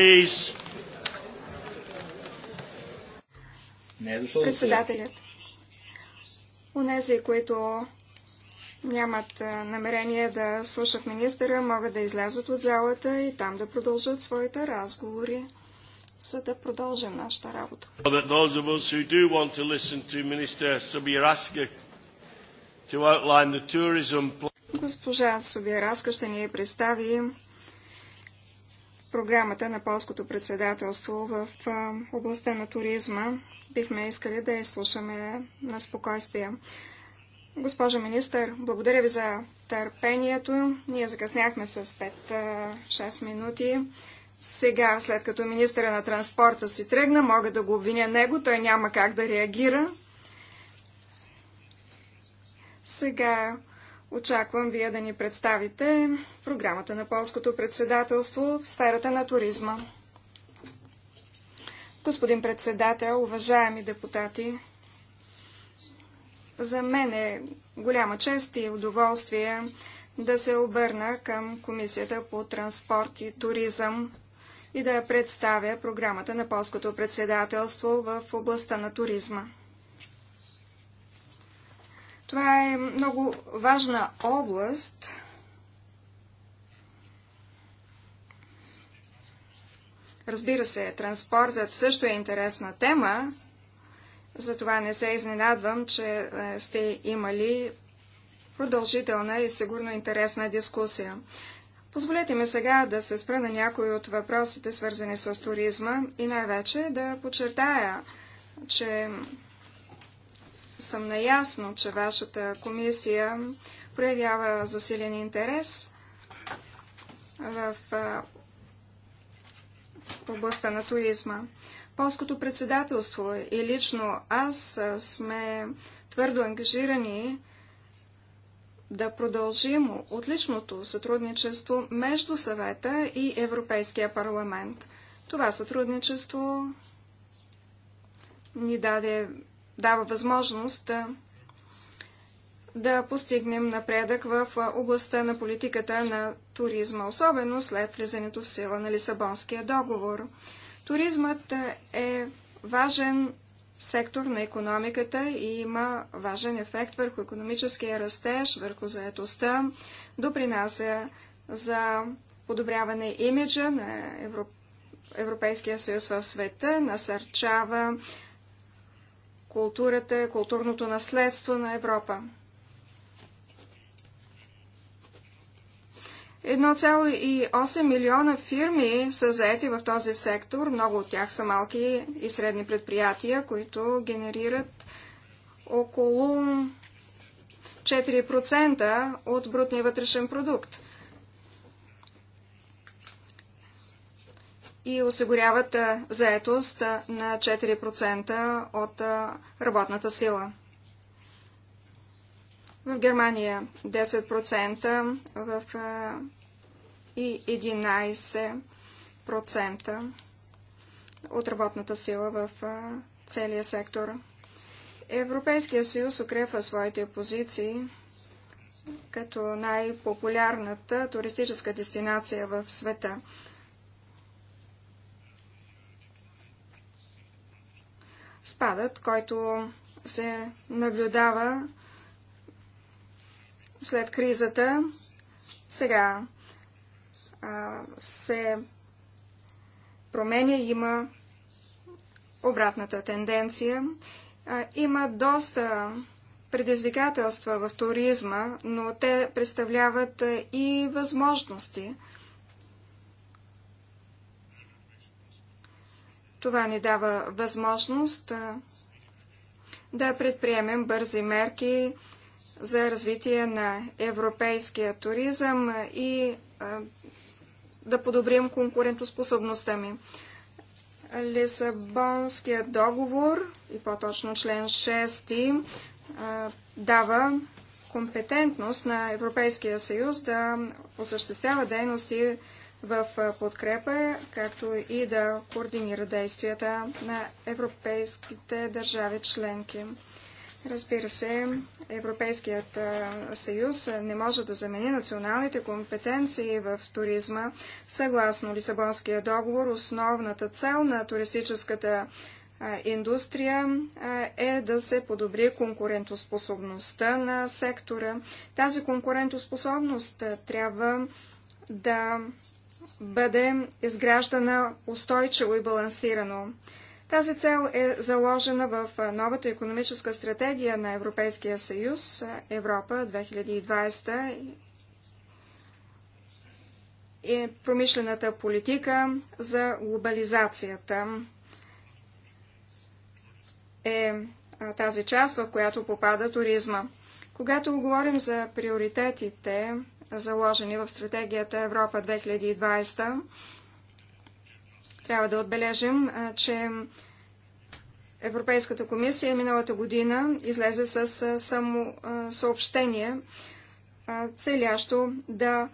please. Не е Председателят. Унези, които нямат намерение да слушат министъра, могат да излязат от залата и там да продължат своите разговори, за да продължим нашата работа. Госпожа Собираска ще ни представи програмата на полското председателство в областта на туризма. Бихме искали да изслушаме на спокойствие. Госпожо министър, благодаря ви за търпението. Ние закъсняхме с 5-6 минути. Сега, след като министъра на транспорта си тръгна, мога да го обвиня него, той няма как да реагира. Сега Очаквам вие да ни представите програмата на полското председателство в сферата на туризма. Господин председател, уважаеми депутати, за мен е голяма чест и удоволствие да се обърна към Комисията по транспорт и туризъм и да представя програмата на полското председателство в областта на туризма. Това е много важна област. Разбира се, транспортът също е интересна тема, затова не се изненадвам, че е, сте имали продължителна и сигурно интересна дискусия. Позволете ми сега да се спра на някои от въпросите, свързани с туризма и най-вече да подчертая, че съм наясно, че вашата комисия проявява засилен интерес в областта на туризма. Полското председателство и лично аз сме твърдо ангажирани да продължим отличното сътрудничество между съвета и Европейския парламент. Това сътрудничество ни даде дава възможност да постигнем напредък в областта на политиката на туризма, особено след влизането в сила на Лисабонския договор. Туризмът е важен сектор на економиката и има важен ефект върху економическия растеж, върху заетостта, допринася за подобряване имиджа на Европейския съюз в света, насърчава културата, културното наследство на Европа. 1,8 милиона фирми са заети в този сектор. Много от тях са малки и средни предприятия, които генерират около 4% от брутния вътрешен продукт. и осигуряват заетост на 4% от работната сила. В Германия 10%, в и 11% от работната сила в целия сектор. Европейския съюз укрепва своите позиции като най-популярната туристическа дестинация в света. спадът, който се наблюдава след кризата. Сега а, се променя, има обратната тенденция. А, има доста предизвикателства в туризма, но те представляват и възможности – Това ни дава възможност да предприемем бързи мерки за развитие на европейския туризъм и да подобрим конкурентоспособността ми. Лисабонският договор и по-точно член 6 дава компетентност на Европейския съюз да осъществява дейности в подкрепа, както и да координира действията на европейските държави членки. Разбира се, Европейският съюз не може да замени националните компетенции в туризма. Съгласно Лисабонския договор, основната цел на туристическата индустрия е да се подобри конкурентоспособността на сектора. Тази конкурентоспособност трябва да бъде изграждана устойчиво и балансирано. Тази цел е заложена в новата економическа стратегия на Европейския съюз Европа 2020 и промишлената политика за глобализацията е тази част, в която попада туризма. Когато говорим за приоритетите заложени в стратегията Европа 2020. Трябва да отбележим, че Европейската комисия миналата година излезе с само съобщение, целящо да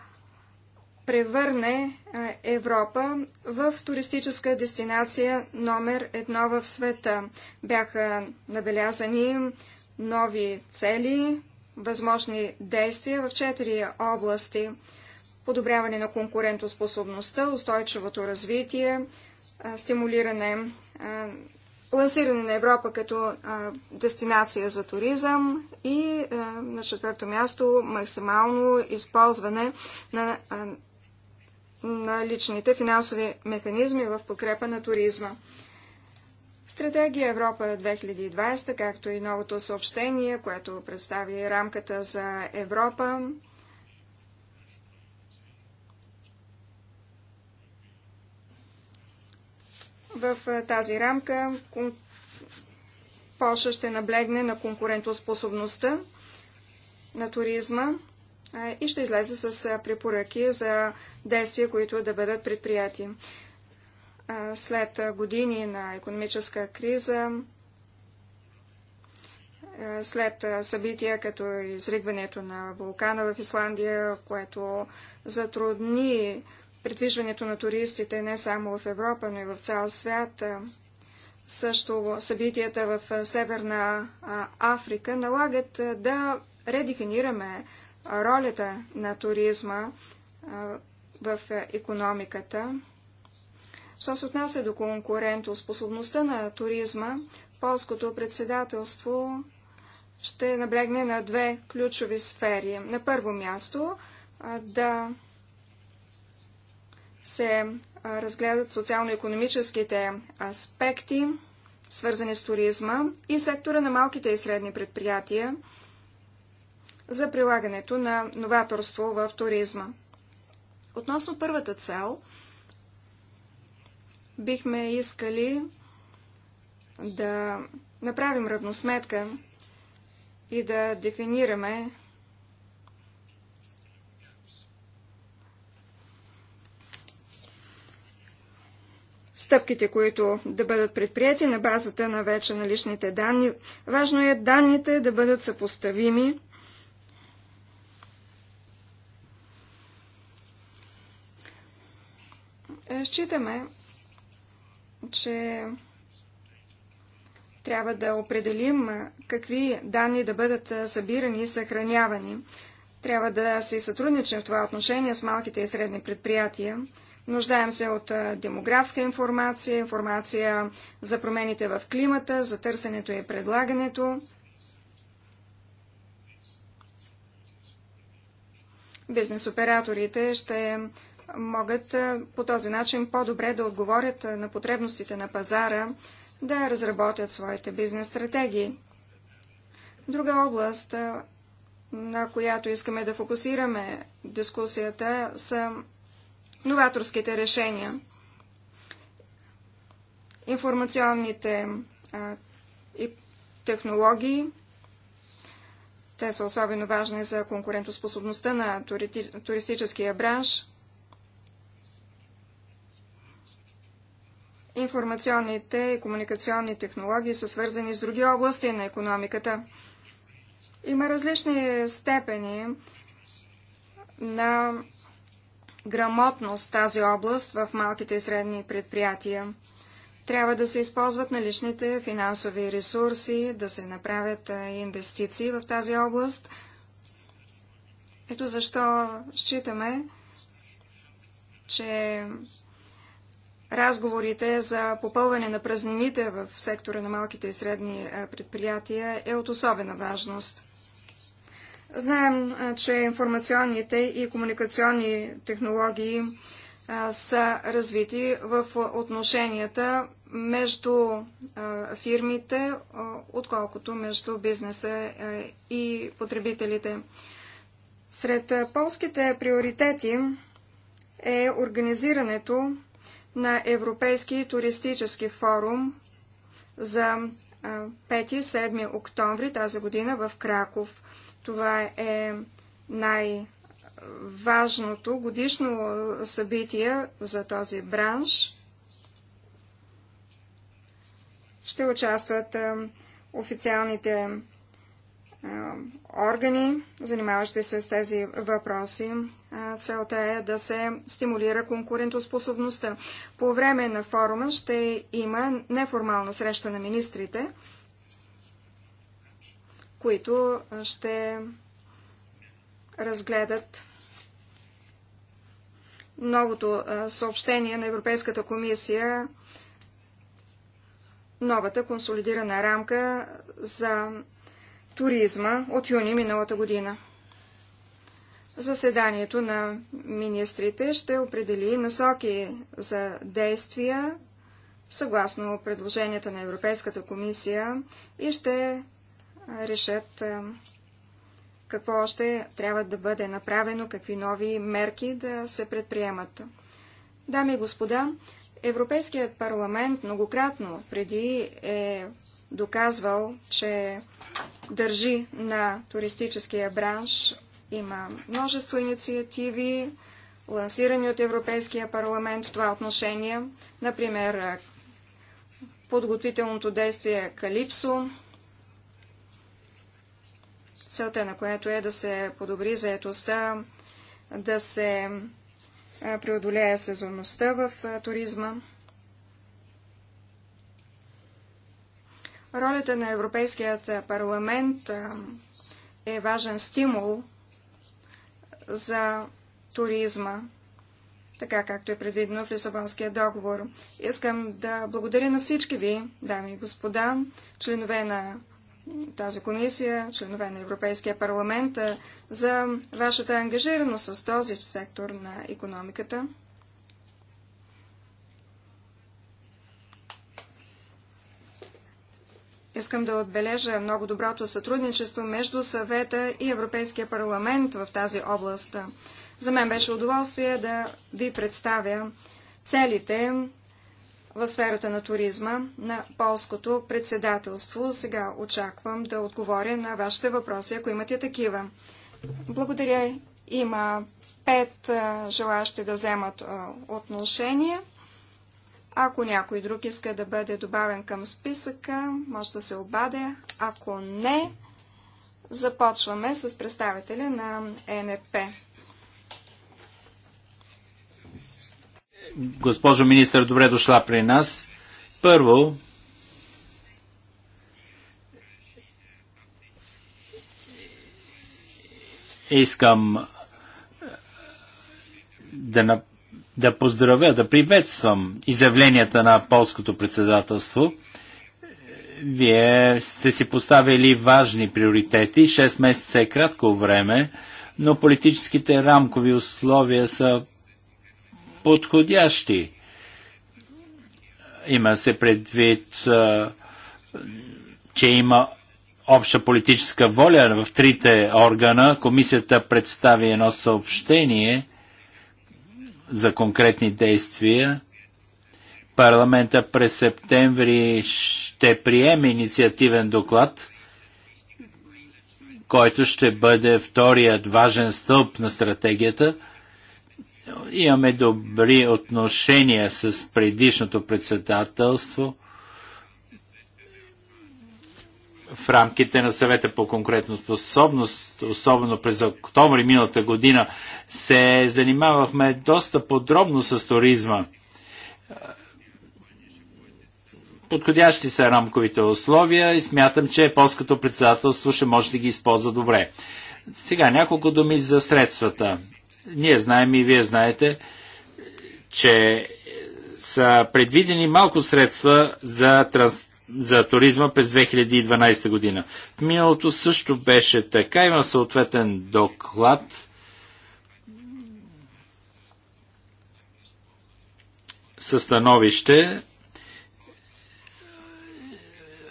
превърне Европа в туристическа дестинация номер едно в света. Бяха набелязани нови цели, възможни действия в четири области подобряване на конкурентоспособността, устойчивото развитие, стимулиране, лансиране на Европа като дестинация за туризъм и на четвърто място максимално използване на, на личните финансови механизми в подкрепа на туризма. Стратегия Европа 2020, както и новото съобщение, което представи рамката за Европа, в тази рамка Польша ще наблегне на конкурентоспособността на туризма и ще излезе с препоръки за действия, които да бъдат предприяти след години на економическа криза, след събития като изригването на вулкана в Исландия, което затрудни предвижването на туристите не само в Европа, но и в цял свят, също събитията в Северна Африка налагат да редефинираме ролята на туризма в економиката. Що се отнася до конкурентоспособността на туризма, полското председателство ще наблегне на две ключови сфери. На първо място да се разгледат социално-економическите аспекти, свързани с туризма и сектора на малките и средни предприятия за прилагането на новаторство в туризма. Относно първата цел – бихме искали да направим равносметка и да дефинираме стъпките, които да бъдат предприяти на базата на вече наличните данни. Важно е данните да бъдат съпоставими. Е, считаме, че трябва да определим какви данни да бъдат събирани и съхранявани. Трябва да се сътрудничим в това отношение с малките и средни предприятия. Нуждаем се от демографска информация, информация за промените в климата, за търсенето и предлагането. Бизнес операторите ще могат по този начин по-добре да отговорят на потребностите на пазара, да разработят своите бизнес стратегии. Друга област, на която искаме да фокусираме дискусията, са новаторските решения, информационните а, и технологии. Те са особено важни за конкурентоспособността на туристическия бранш – информационните и комуникационни технологии са свързани с други области на економиката. Има различни степени на грамотност тази област в малките и средни предприятия. Трябва да се използват наличните финансови ресурси, да се направят инвестиции в тази област. Ето защо считаме, че разговорите за попълване на празнините в сектора на малките и средни е, предприятия е от особена важност. Знаем, е, че информационните и комуникационни технологии е, са развити в отношенията между фирмите, отколкото между бизнеса и потребителите. Сред полските приоритети е организирането на Европейски туристически форум за 5-7 октомври тази година в Краков. Това е най-важното годишно събитие за този бранш. Ще участват официалните органи, занимаващи се с тези въпроси. Целта е да се стимулира конкурентоспособността. По време на форума ще има неформална среща на министрите, които ще разгледат новото съобщение на Европейската комисия, новата консолидирана рамка за туризма от юни миналата година. Заседанието на министрите ще определи насоки за действия съгласно предложенията на Европейската комисия и ще решат какво още трябва да бъде направено, какви нови мерки да се предприемат. Дами и господа, Европейският парламент многократно преди е доказвал, че държи на туристическия бранш. Има множество инициативи, лансирани от Европейския парламент в това отношение. Например, подготвителното действие Калипсо, целта на което е да се подобри заетостта, да се преодолее сезонността в туризма. Ролята на Европейският парламент е важен стимул за туризма, така както е предвидено в Лисабонския договор. Искам да благодаря на всички ви, дами и господа, членове на тази комисия, членове на Европейския парламент, за вашата ангажираност с този сектор на економиката. Искам да отбележа много доброто сътрудничество между съвета и Европейския парламент в тази област. За мен беше удоволствие да ви представя целите в сферата на туризма на полското председателство. Сега очаквам да отговоря на вашите въпроси, ако имате такива. Благодаря. Има пет желащи да вземат отношение. Ако някой друг иска да бъде добавен към списъка, може да се обаде. Ако не, започваме с представителя на ЕНП. Госпожо министър, добре дошла при нас. Първо, искам да направя да поздравя, да приветствам изявленията на полското председателство. Вие сте си поставили важни приоритети. 6 месеца е кратко време, но политическите рамкови условия са подходящи. Има се предвид, че има обща политическа воля в трите органа. Комисията представи едно съобщение – за конкретни действия. Парламента през септември ще приеме инициативен доклад, който ще бъде вторият важен стълб на стратегията. Имаме добри отношения с предишното председателство – в рамките на съвета по конкретно способност, особено през октомври миналата година, се занимавахме доста подробно с туризма. Подходящи са рамковите условия и смятам, че полското председателство ще може да ги използва добре. Сега няколко думи за средствата. Ние знаем и вие знаете, че са предвидени малко средства за транспорт за туризма през 2012 година. В миналото също беше така. Има съответен доклад. Със становище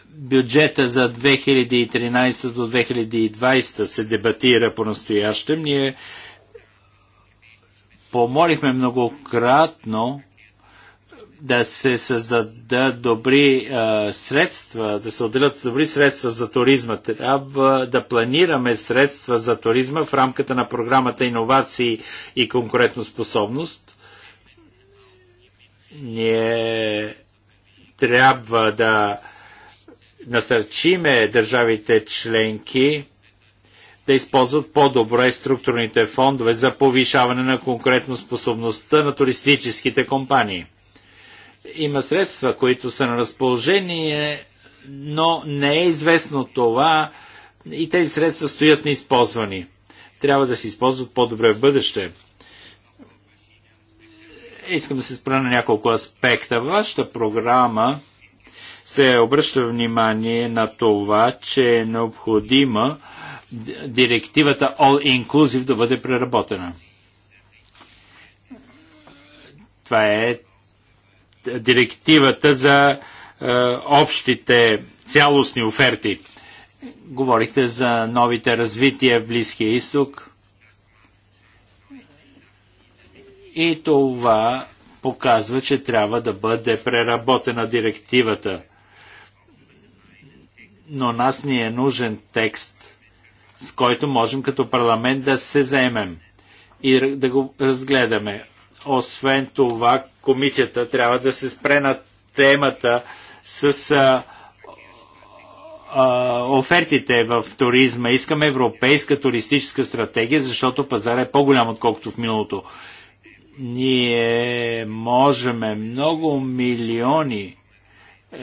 бюджета за 2013 до 2020 се дебатира по-настоящем. Ние помолихме многократно да се създадат добри а, средства, да се отделят добри средства за туризма. Трябва да планираме средства за туризма в рамката на програмата иновации и конкурентоспособност. Ние трябва да насърчиме държавите членки да използват по-добре структурните фондове за повишаване на конкурентоспособността на туристическите компании има средства, които са на разположение, но не е известно това и тези средства стоят неизползвани. Трябва да се използват по-добре в бъдеще. Искам да се спра на няколко аспекта. Във вашата програма се обръща внимание на това, че е необходима директивата All Inclusive да бъде преработена. Това е директивата за е, общите цялостни оферти. Говорихте за новите развития в Близкия изток. И това показва, че трябва да бъде преработена директивата. Но нас ни е нужен текст, с който можем като парламент да се заемем и да го разгледаме. Освен това, комисията трябва да се спре на темата с а, а, офертите в туризма. Искаме европейска туристическа стратегия, защото пазар е по-голям отколкото в миналото. Ние можем много милиони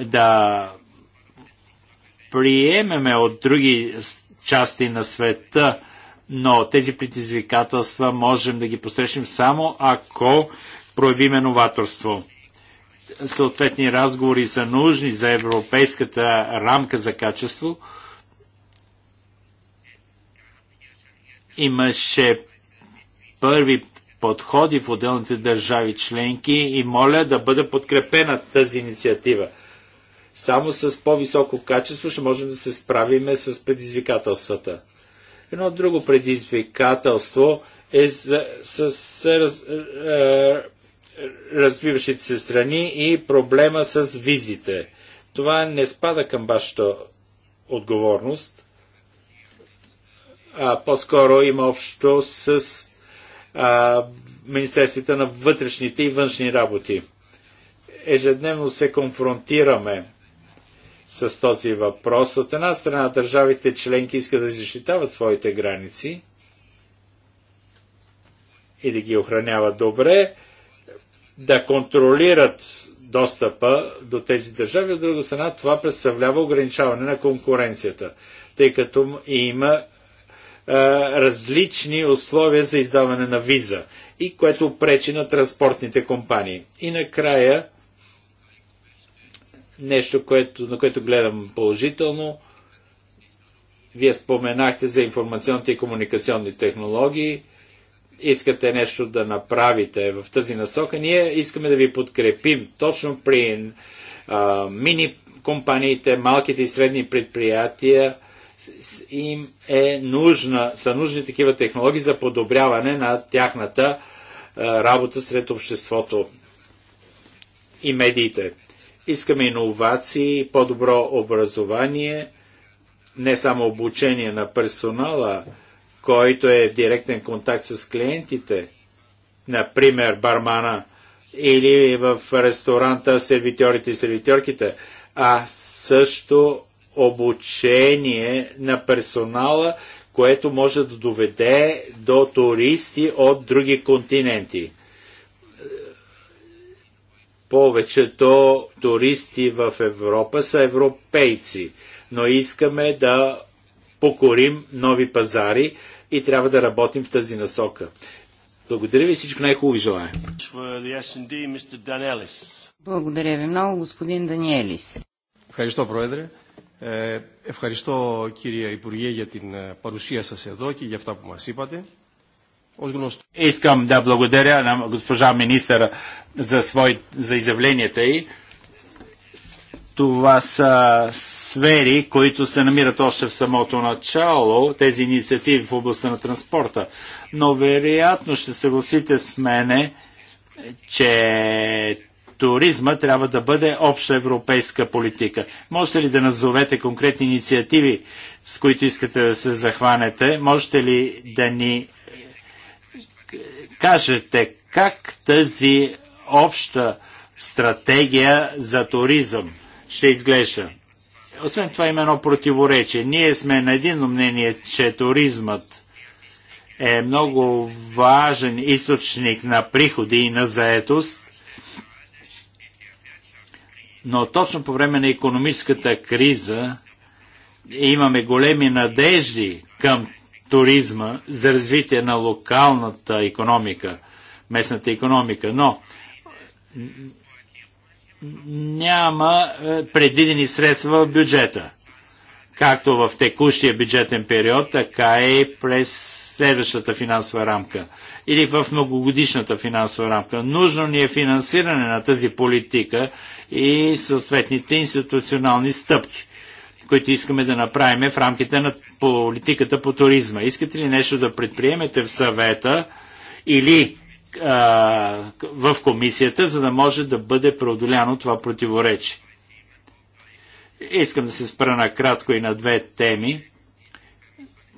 да приемеме от други части на света, но тези предизвикателства можем да ги посрещнем само ако проявиме новаторство. Съответни разговори са нужни за европейската рамка за качество. Имаше първи подходи в отделните държави членки и моля да бъде подкрепена тази инициатива. Само с по-високо качество ще можем да се справиме с предизвикателствата. Едно друго предизвикателство е с, с, с с, с развиващите се страни и проблема с визите. Това не спада към вашата отговорност, а по-скоро има общо с а, Министерствата на вътрешните и външни работи. Ежедневно се конфронтираме с този въпрос. От една страна държавите членки искат да защитават своите граници и да ги охраняват добре, да контролират достъпа до тези държави, от друга страна това представлява ограничаване на конкуренцията, тъй като има а, различни условия за издаване на виза и което пречи на транспортните компании. И накрая нещо, което, на което гледам положително. Вие споменахте за информационните и комуникационни технологии искате нещо да направите в тази насока, ние искаме да ви подкрепим точно при а, мини компаниите, малките и средни предприятия им е нужна, са нужни такива технологии за подобряване на тяхната а, работа сред обществото и медиите. Искаме иновации, по-добро образование, не само обучение на персонала, който е в директен контакт с клиентите, например бармана или в ресторанта сервитьорите и сервитьорките, а също обучение на персонала, което може да доведе до туристи от други континенти. Повечето туристи в Европа са европейци, но искаме да покорим нови пазари, и трябва да работим в тази насока. Благодаря ви всичко най-хубаво желая. Благодаря ви много, господин Даниелис. Ευχαριστώ, Πρόεδρε. ευχαριστώ, κύριε Υπουργέ, για την παρουσία σας εδώ και για αυτά που μας είπατε. Искам да благодаря на госпожа министър за, свой, за изявлението й. Това са сфери, които се намират още в самото начало, тези инициативи в областта на транспорта. Но вероятно ще съгласите с мене, че туризма трябва да бъде обща европейска политика. Можете ли да назовете конкретни инициативи, с които искате да се захванете? Можете ли да ни кажете как тази обща стратегия за туризъм ще изглежда. Освен това има едно противоречие. Ние сме на едно мнение, че туризмът е много важен източник на приходи и на заетост, но точно по време на економическата криза имаме големи надежди към туризма за развитие на локалната економика, местната економика, но няма е, предвидени средства в бюджета. Както в текущия бюджетен период, така и през следващата финансова рамка или в многогодишната финансова рамка. Нужно ни е финансиране на тази политика и съответните институционални стъпки, които искаме да направим в рамките на политиката по туризма. Искате ли нещо да предприемете в съвета или в комисията, за да може да бъде преодоляно това противоречие. Искам да се спра накратко и на две теми,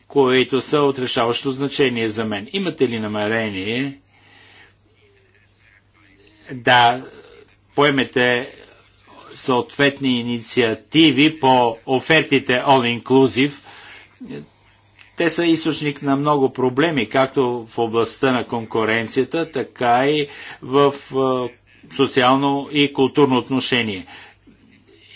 които са от решаващо значение за мен. Имате ли намерение да поемете съответни инициативи по офертите All Inclusive, те са източник на много проблеми, както в областта на конкуренцията, така и в социално и културно отношение.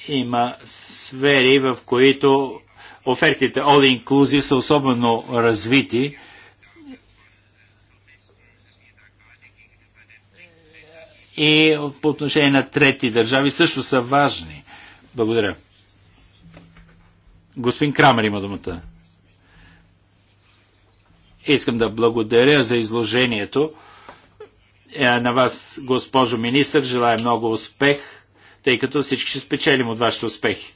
Има сфери, в които офертите All Inclusive са особено развити. И по отношение на трети държави също са важни. Благодаря. Господин Крамер има думата. Искам да благодаря за изложението е, на вас, госпожо министър. Желая много успех, тъй като всички ще спечелим от вашите успехи.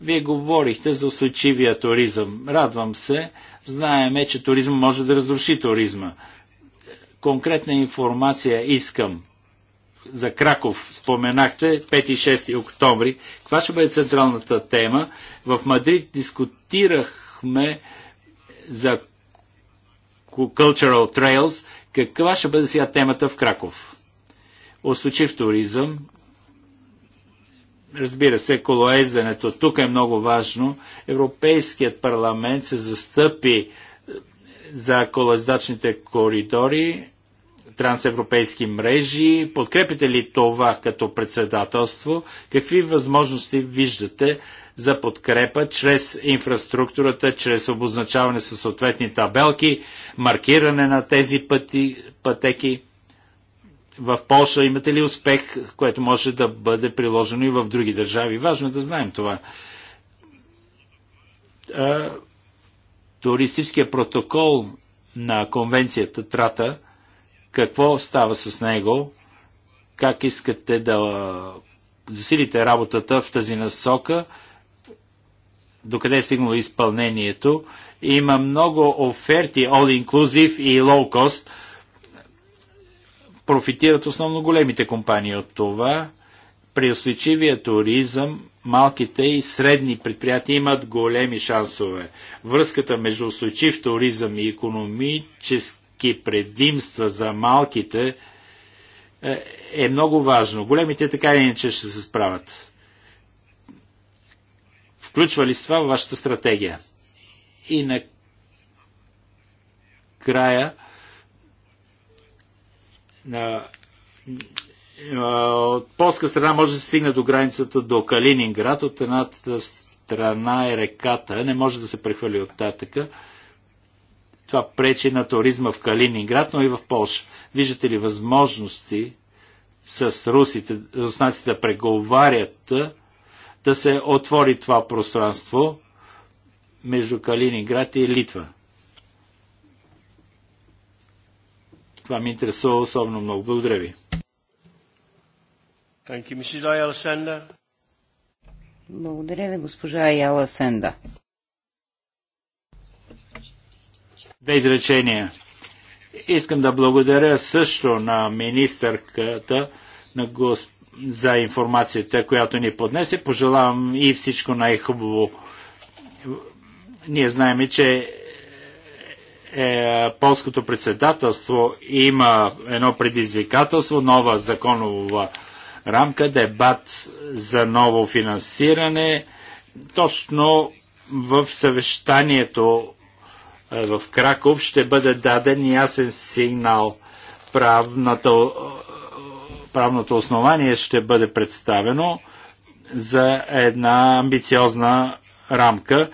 Вие говорихте за устойчивия туризъм. Радвам се. Знаеме, че туризъм може да разруши туризма. Конкретна информация искам. За Краков споменахте 5 и 6 октомври. Каква ще бъде централната тема? В Мадрид дискутирахме за Cultural Trails. Каква ще бъде сега темата в Краков? Устойчив туризъм. Разбира се, колоезденето тук е много важно. Европейският парламент се застъпи е, за колоездачните коридори трансевропейски мрежи. Подкрепите ли това като председателство? Какви възможности виждате за подкрепа чрез инфраструктурата, чрез обозначаване със съответни табелки, маркиране на тези пъти, пътеки? В Польша имате ли успех, което може да бъде приложено и в други държави? Важно е да знаем това туристическия протокол на конвенцията Трата какво става с него, как искате да засилите работата в тази насока, докъде е стигнало изпълнението. Има много оферти, all inclusive и low cost. Профитират основно големите компании от това. При устойчивия туризъм малките и средни предприятия имат големи шансове. Връзката между устойчив туризъм и економически всички предимства за малките е, е много важно. Големите така или иначе ще се справят. Включва ли с това вашата стратегия? И на края е, на от полска страна може да се стигне до границата до Калининград, от едната страна е реката, не може да се прехвърли от татъка. Това пречи на туризма в Калининград, но и в Польша. Виждате ли възможности с русите, руснаците да преговарят да се отвори това пространство между Калининград и Литва? Това ми интересува особено много. Благодаря ви. Благодаря ви, госпожа Аяла Сенда. Две изречения. Искам да благодаря също на министърката на госп... за информацията, която ни поднесе. Пожелавам и всичко най-хубаво. Ние знаем, че е, полското председателство има едно предизвикателство, нова законова рамка, дебат за ново финансиране. Точно в съвещанието в Краков ще бъде даден ясен сигнал. Правното, правното основание ще бъде представено за една амбициозна рамка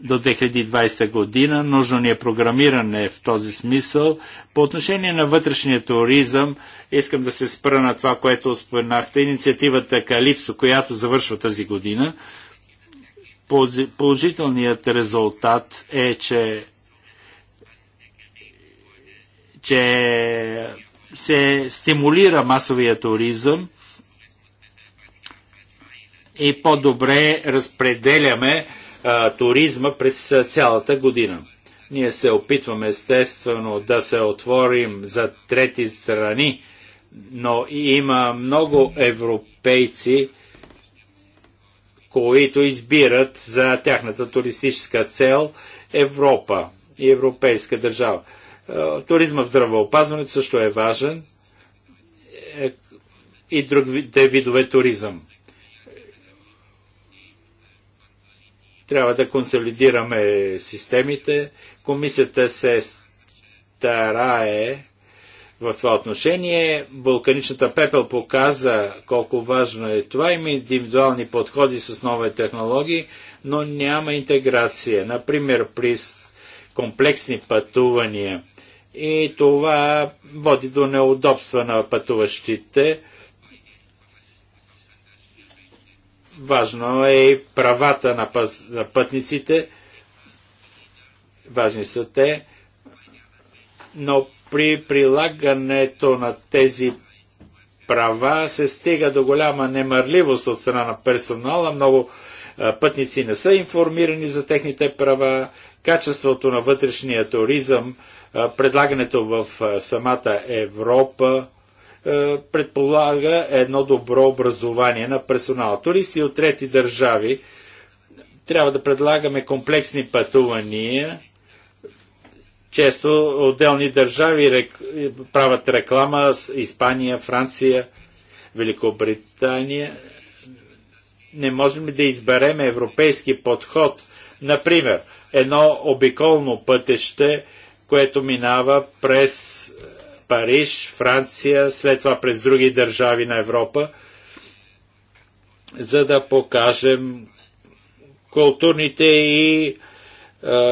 до 2020 година. Нужно ни е програмиране в този смисъл. По отношение на вътрешния туризъм, искам да се спра на това, което споменахте. Инициативата Калипсо, която завършва тази година. Положителният резултат е, че че се стимулира масовия туризъм и по-добре разпределяме а, туризма през цялата година. Ние се опитваме естествено да се отворим за трети страни, но има много европейци, които избират за тяхната туристическа цел Европа и европейска държава. Е, туризма в здравеопазването също е важен е, и другите видове туризъм. Трябва да консолидираме системите. Комисията се старае в това отношение. Вулканичната пепел показа колко важно е това. Има индивидуални подходи с нови технологии, но няма интеграция. Например, при комплексни пътувания – и това води до неудобства на пътуващите. Важно е и правата на, път, на пътниците. Важни са те. Но при прилагането на тези права се стига до голяма немърливост от страна на персонала. Много пътници не са информирани за техните права качеството на вътрешния туризъм, предлагането в самата Европа предполага едно добро образование на персонала. Туристи от трети държави трябва да предлагаме комплексни пътувания. Често отделни държави рек... правят реклама с Испания, Франция, Великобритания. Не можем да изберем европейски подход Например, едно обиколно пътеще, което минава през е, Париж, Франция, след това през други държави на Европа, за да покажем културните и е,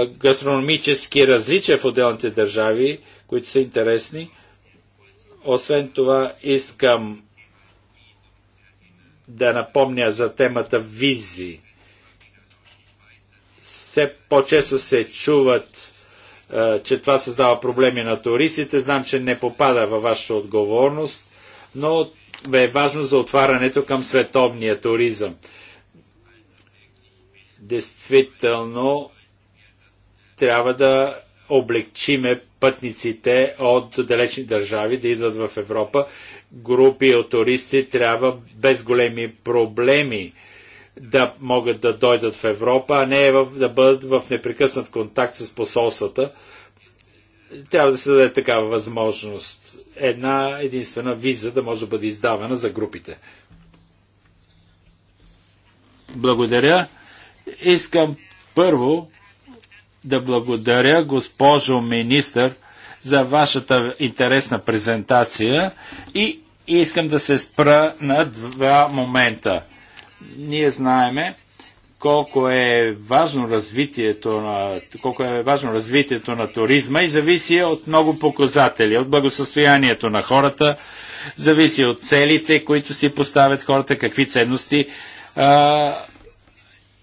гастрономически различия в отделните държави, които са интересни. Освен това, искам да напомня за темата визи все по-често се чуват, е, че това създава проблеми на туристите. Знам, че не попада във вашата отговорност, но е важно за отварянето към световния туризъм. Действително, трябва да облегчиме пътниците от далечни държави да идват в Европа. Групи от туристи трябва без големи проблеми да могат да дойдат в Европа, а не в, да бъдат в непрекъснат контакт с посолствата. Трябва да се даде такава възможност. Една единствена виза да може да бъде издавана за групите. Благодаря. Искам първо да благодаря госпожо министър за вашата интересна презентация и искам да се спра на два момента. Ние знаеме колко е важно развитието на, колко е важно развитието на туризма и зависи от много показатели, от благосъстоянието на хората, зависи от целите, които си поставят хората, какви ценности а,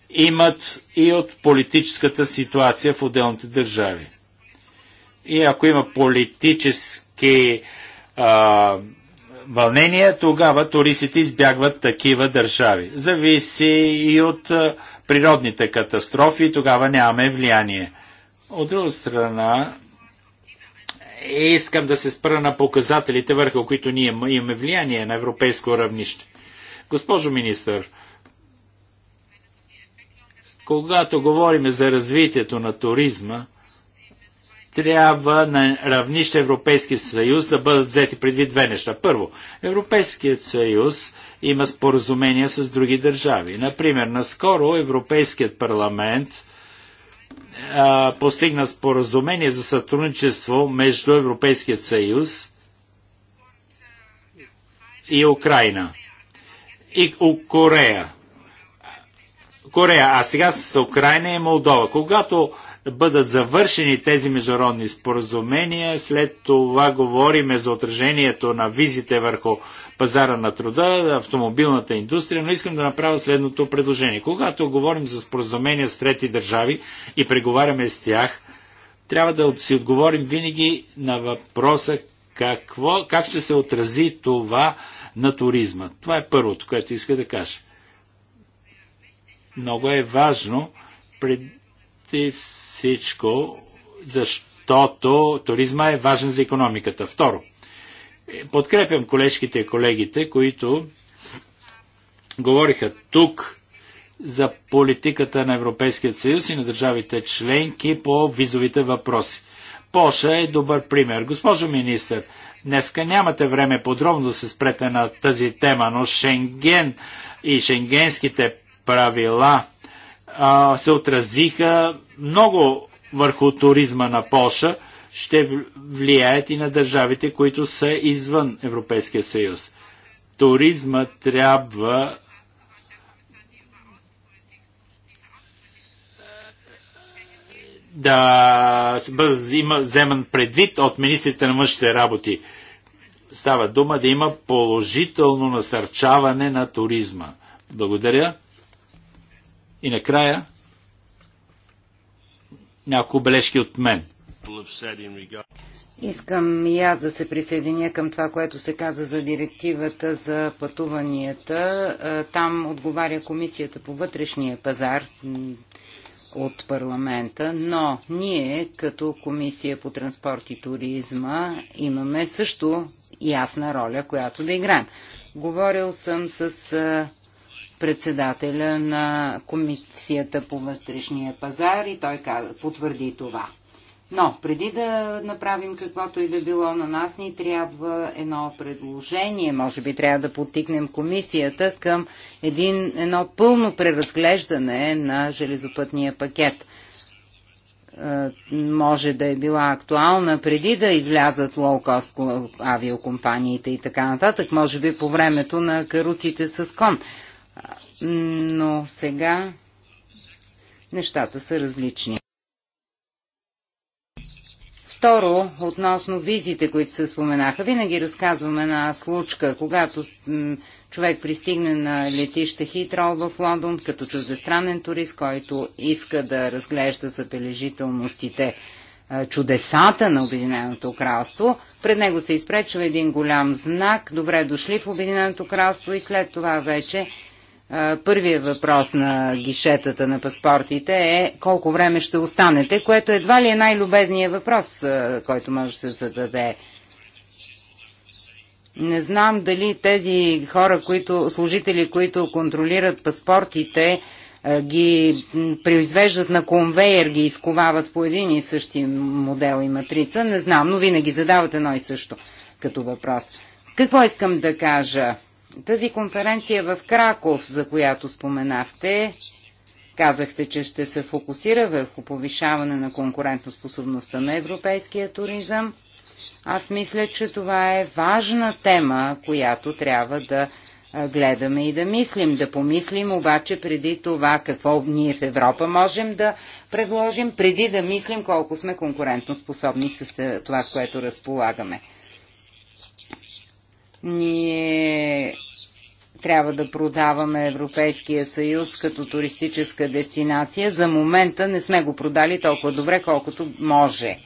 имат и от политическата ситуация в отделните държави. И ако има политически а, вълнение, тогава туристите избягват такива държави. Зависи и от природните катастрофи, тогава нямаме влияние. От друга страна, искам да се спра на показателите, върху които ние имаме влияние на европейско равнище. Госпожо министър, когато говорим за развитието на туризма, трябва на равнище Европейски съюз да бъдат взети преди две неща. Първо, Европейският съюз има споразумения с други държави. Например, наскоро Европейският парламент а, постигна споразумение за сътрудничество между Европейският съюз и Украина и Корея. Корея, а сега с Украина и Молдова. Когато бъдат завършени тези международни споразумения, след това говориме за отражението на визите върху пазара на труда, автомобилната индустрия, но искам да направя следното предложение. Когато говорим за споразумения с трети държави и преговаряме с тях, трябва да си отговорим винаги на въпроса какво, как ще се отрази това на туризма. Това е първото, което иска да кажа. Много е важно преди всичко, защото туризма е важен за економиката. Второ, подкрепям колежките и колегите, които говориха тук за политиката на Европейския съюз и на държавите членки по визовите въпроси. Поша е добър пример. Госпожо министър, днеска нямате време подробно да се спрете на тази тема, но Шенген и шенгенските правила а, се отразиха много върху туризма на Польша, ще влияят и на държавите, които са извън Европейския съюз. Туризма трябва да има вземан предвид от министрите на мъжните работи. Става дума да има положително насърчаване на туризма. Благодаря. И накрая няколко бележки от мен. Искам и аз да се присъединя към това, което се каза за директивата за пътуванията. Е, там отговаря Комисията по вътрешния пазар от парламента, но ние като Комисия по транспорт и туризма имаме също ясна роля, която да играем. Говорил съм с е, председателя на Комисията по вътрешния пазар и той потвърди това. Но преди да направим каквото и да било на нас, ни трябва едно предложение. Може би трябва да потикнем комисията към един, едно пълно преразглеждане на железопътния пакет. Е, може да е била актуална преди да излязат лоукост авиокомпаниите и така нататък. Може би по времето на каруците с кон но сега нещата са различни. Второ, относно визите, които се споменаха, винаги разказваме на случка, когато човек пристигне на летище Хитрол в Лондон, като чуждестранен турист, който иска да разглежда забележителностите чудесата на Обединеното кралство. Пред него се изпречва един голям знак. Добре дошли в Обединеното кралство и след това вече Първият въпрос на гишетата на паспортите е колко време ще останете, което едва ли е най-любезният въпрос, който може да се зададе. Не знам дали тези хора, които, служители, които контролират паспортите, ги произвеждат на конвейер, ги изковават по един и същи модел и матрица. Не знам, но винаги задават едно и също като въпрос. Какво искам да кажа? Тази конференция в Краков, за която споменахте, казахте, че ще се фокусира върху повишаване на конкурентоспособността на европейския туризъм. Аз мисля, че това е важна тема, която трябва да гледаме и да мислим. Да помислим обаче преди това какво ние в Европа можем да предложим, преди да мислим колко сме конкурентоспособни с това, с което разполагаме. Ние трябва да продаваме Европейския съюз като туристическа дестинация. За момента не сме го продали толкова добре, колкото може.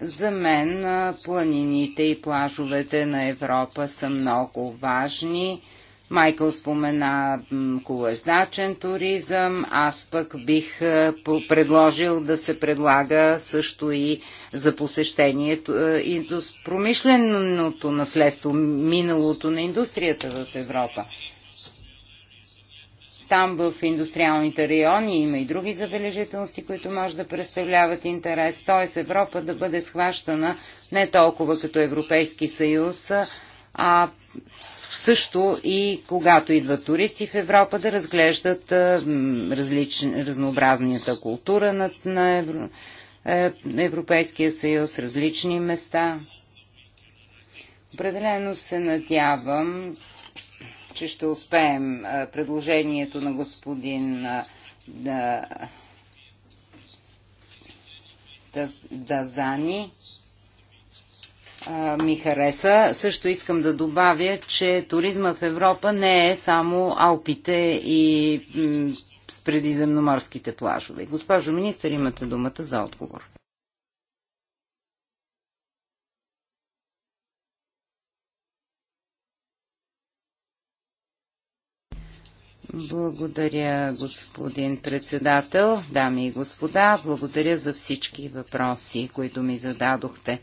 За мен планините и плажовете на Европа са много важни Майкъл спомена колоездачен туризъм, аз пък бих е, предложил да се предлага също и за посещението е, и промишленото наследство, миналото на индустрията в Европа. Там в индустриалните райони има и други забележителности, които може да представляват интерес. Т.е. Европа да бъде схващана не толкова като Европейски съюз, а също и когато идват туристи в Европа да разглеждат различ... разнообразната култура на, на Евро, е, Европейския съюз, различни места. Определено се надявам, че ще успеем предложението на господин да, Дазани. Да ми хареса. Също искам да добавя, че туризма в Европа не е само Алпите и с предиземноморските плажове. Госпожо министър, имате думата за отговор. Благодаря, господин председател, дами и господа. Благодаря за всички въпроси, които ми зададохте.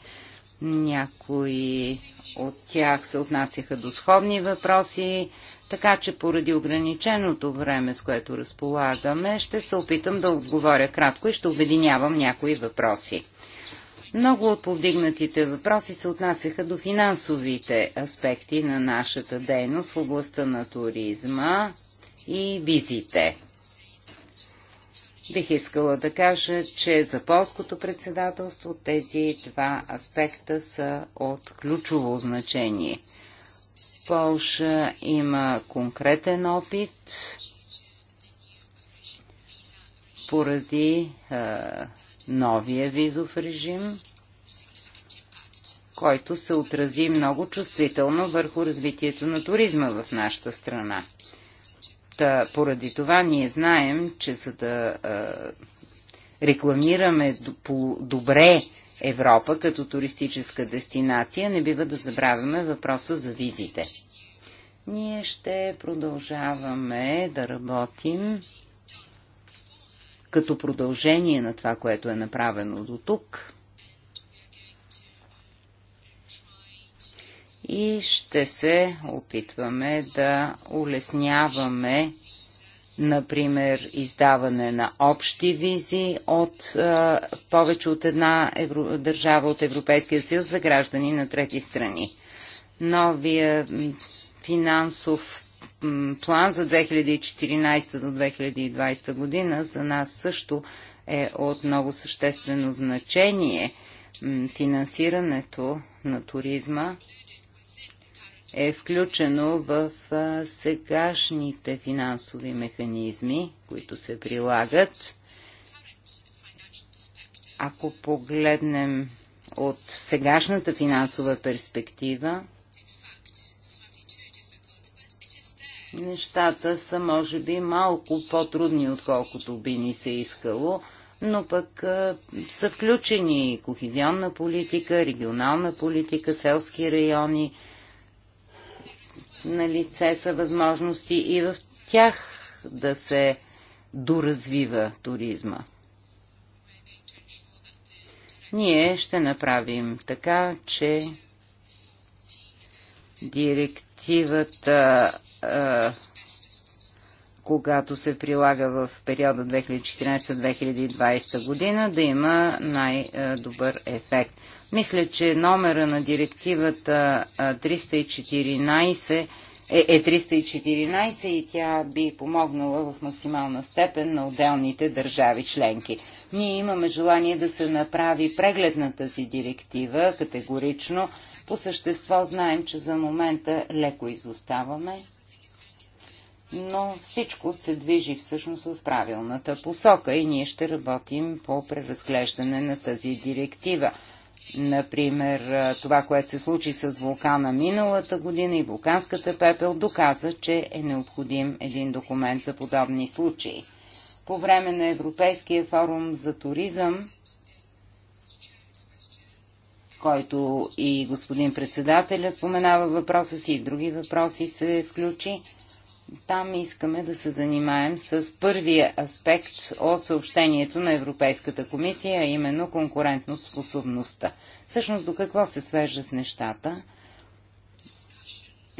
Някои от тях се отнасяха до сходни въпроси, така че поради ограниченото време, с което разполагаме, ще се опитам да отговоря кратко и ще обединявам някои въпроси. Много от повдигнатите въпроси се отнасяха до финансовите аспекти на нашата дейност в областта на туризма и визите. Бих искала да кажа, че за полското председателство тези два аспекта са от ключово значение. Полша има конкретен опит поради а, новия визов режим, който се отрази много чувствително върху развитието на туризма в нашата страна. Та, поради това ние знаем, че за да рекламираме добре Европа като туристическа дестинация, не бива да забравяме въпроса за визите. Ние ще продължаваме да работим като продължение на това, което е направено до тук. и ще се опитваме да улесняваме, например, издаване на общи визи от а, повече от една евро, държава от Европейския съюз за граждани на трети страни. Новия финансов план за 2014 до 2020 година за нас също е от много съществено значение финансирането на туризма е включено в сегашните финансови механизми, които се прилагат. Ако погледнем от сегашната финансова перспектива, нещата са може би малко по-трудни, отколкото би ни се искало, но пък са включени кохезионна политика, регионална политика, селски райони – на лице са възможности и в тях да се доразвива туризма. Ние ще направим така, че директивата, а, когато се прилага в периода 2014-2020 година, да има най-добър ефект. Мисля, че номера на директивата 314 е, е 314 и тя би помогнала в максимална степен на отделните държави членки. Ние имаме желание да се направи преглед на тази директива категорично. По същество знаем, че за момента леко изоставаме, но всичко се движи всъщност в правилната посока и ние ще работим по преразглеждане на тази директива. Например, това, което се случи с вулкана миналата година и вулканската пепел, доказа, че е необходим един документ за подобни случаи. По време на Европейския форум за туризъм, който и господин председателя споменава въпроса си и други въпроси се включи, там искаме да се занимаем с първия аспект от съобщението на Европейската комисия, а именно конкурентно способността. Всъщност до какво се свеждат нещата?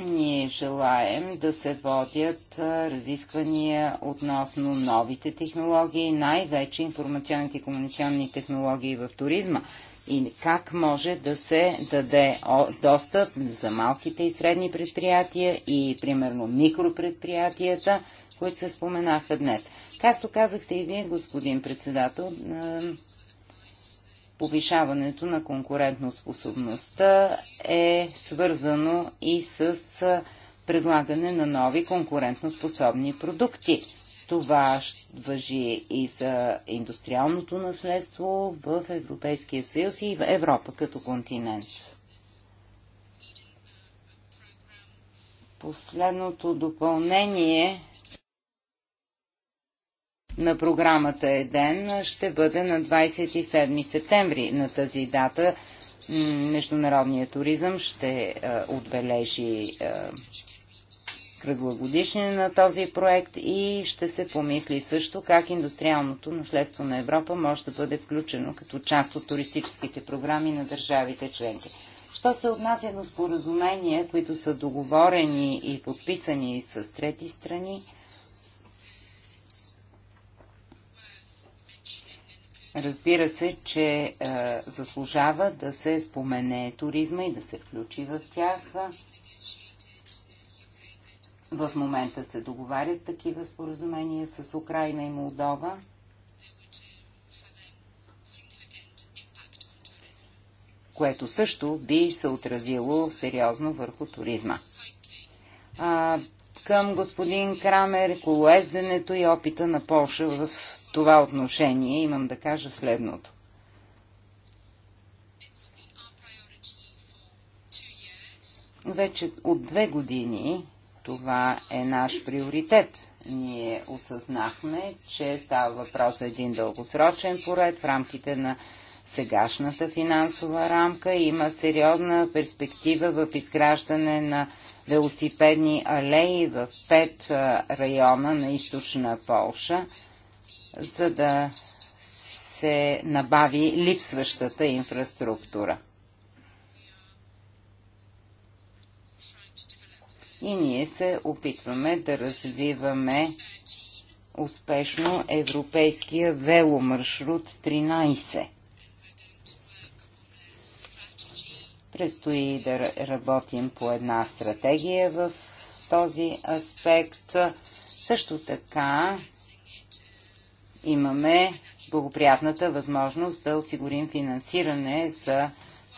Ние желаем да се водят разисквания относно новите технологии, най-вече информационните и комуникационни технологии в туризма – и как може да се даде достъп за малките и средни предприятия и примерно микропредприятията, които се споменаха днес. Както казахте и вие, господин председател, повишаването на конкурентоспособността е свързано и с предлагане на нови конкурентоспособни продукти това въжи и за индустриалното наследство в Европейския съюз и в Европа като континент. Последното допълнение на програмата ЕДЕН ще бъде на 27 септември. На тази дата международният туризъм ще е, отбележи е, кръглогодишнина на този проект и ще се помисли също как индустриалното наследство на Европа може да бъде включено като част от туристическите програми на държавите членки. Що се отнася до споразумения, които са договорени и подписани с трети страни, разбира се, че е, заслужава да се спомене туризма и да се включи в тях. В момента се договарят такива споразумения с Украина и Молдова. което също би се отразило сериозно върху туризма. А, към господин Крамер, колоезденето и опита на Польша в това отношение имам да кажа следното. Вече от две години това е наш приоритет. Ние осъзнахме, че става въпрос за един дългосрочен поред в рамките на сегашната финансова рамка. Има сериозна перспектива в изграждане на велосипедни алеи в пет района на източна Полша, за да се набави липсващата инфраструктура. и ние се опитваме да развиваме успешно европейския веломаршрут 13. Предстои да работим по една стратегия в този аспект. Също така имаме благоприятната възможност да осигурим финансиране за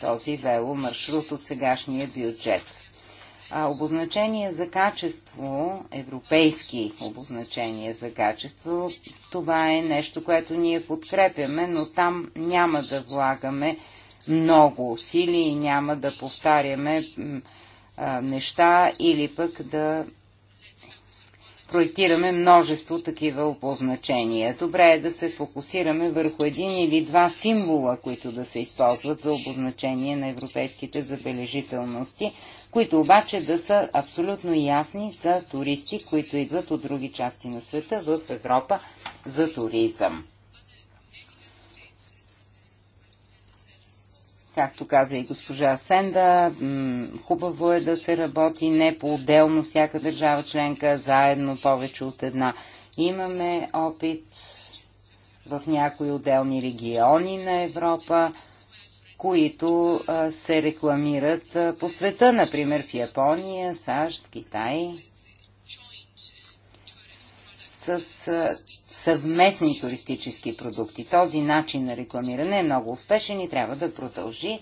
този веломаршрут от сегашния бюджет а, за качество, европейски обозначения за качество, това е нещо, което ние подкрепяме, но там няма да влагаме много усилия и няма да повтаряме неща или пък да проектираме множество такива обозначения. Добре е да се фокусираме върху един или два символа, които да се използват за обозначение на европейските забележителности, които обаче да са абсолютно ясни за туристи, които идват от други части на света в Европа за туризъм. Както каза и госпожа Сенда, хубаво е да се работи не по-отделно всяка държава членка, заедно повече от една. Имаме опит в някои отделни региони на Европа, които се рекламират по света, например в Япония, САЩ, Китай. С съвместни туристически продукти. Този начин на рекламиране е много успешен и трябва да продължи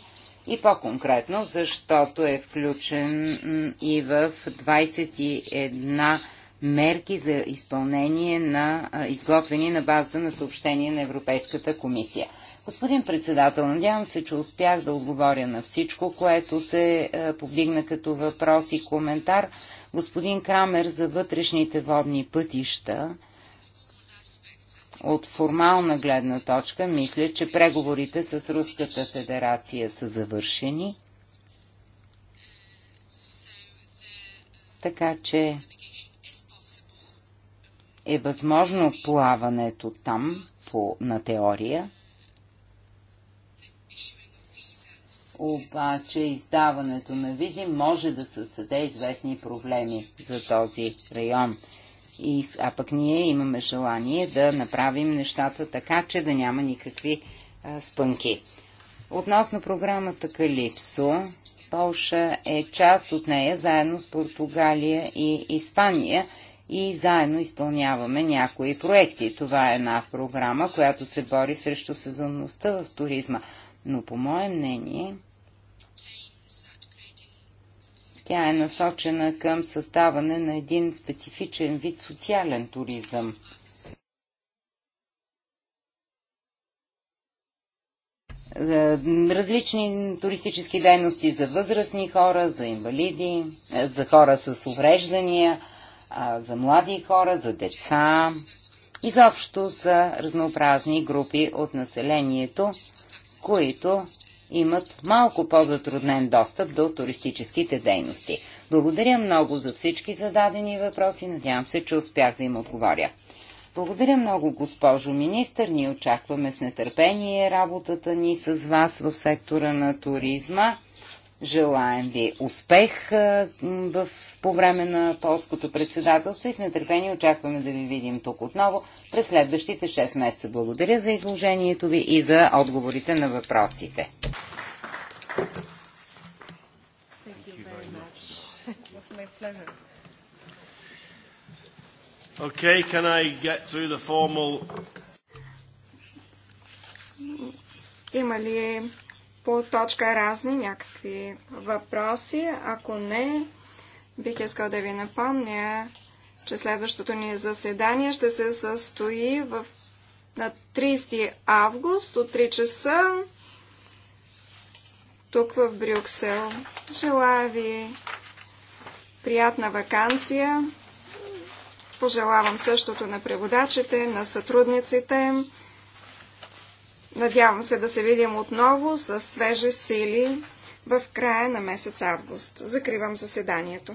и по-конкретно, защото е включен и в 21 мерки за изпълнение на изготвени на базата на съобщение на Европейската комисия. Господин председател, надявам се, че успях да отговоря на всичко, което се повдигна като въпрос и коментар. Господин Крамер за вътрешните водни пътища от формална гледна точка мисля, че преговорите с Руската федерация са завършени. Така че е възможно плаването там по, на теория. Обаче издаването на визи може да създаде известни проблеми за този район. И, а пък ние имаме желание да направим нещата така, че да няма никакви а, спънки. Относно програмата Калипсо, Полша е част от нея, заедно с Португалия и Испания и заедно изпълняваме някои проекти. Това е една програма, която се бори срещу сезонността в туризма. Но по мое мнение, тя е насочена към съставане на един специфичен вид социален туризъм. различни туристически дейности за възрастни хора, за инвалиди, е, за хора с увреждания, за млади хора, за деца, изобщо за разнообразни групи от населението, които имат малко по-затруднен достъп до туристическите дейности. Благодаря много за всички зададени въпроси. Надявам се, че успях да им отговоря. Благодаря много, госпожо министър. Ние очакваме с нетърпение работата ни с вас в сектора на туризма. Желаем ви успех в, по време на полското председателство и с нетърпение очакваме да ви видим тук отново през следващите 6 месеца. Благодаря за изложението ви и за отговорите на въпросите. Okay, can I get through the formal... Има ли по точка разни някакви въпроси. Ако не, бих искал да ви напомня, че следващото ни заседание ще се състои в, на 30 август от 3 часа тук в Брюксел. Желая ви приятна вакансия. Пожелавам същото на преводачите, на сътрудниците. Надявам се да се видим отново с свежи сили в края на месец август. Закривам заседанието.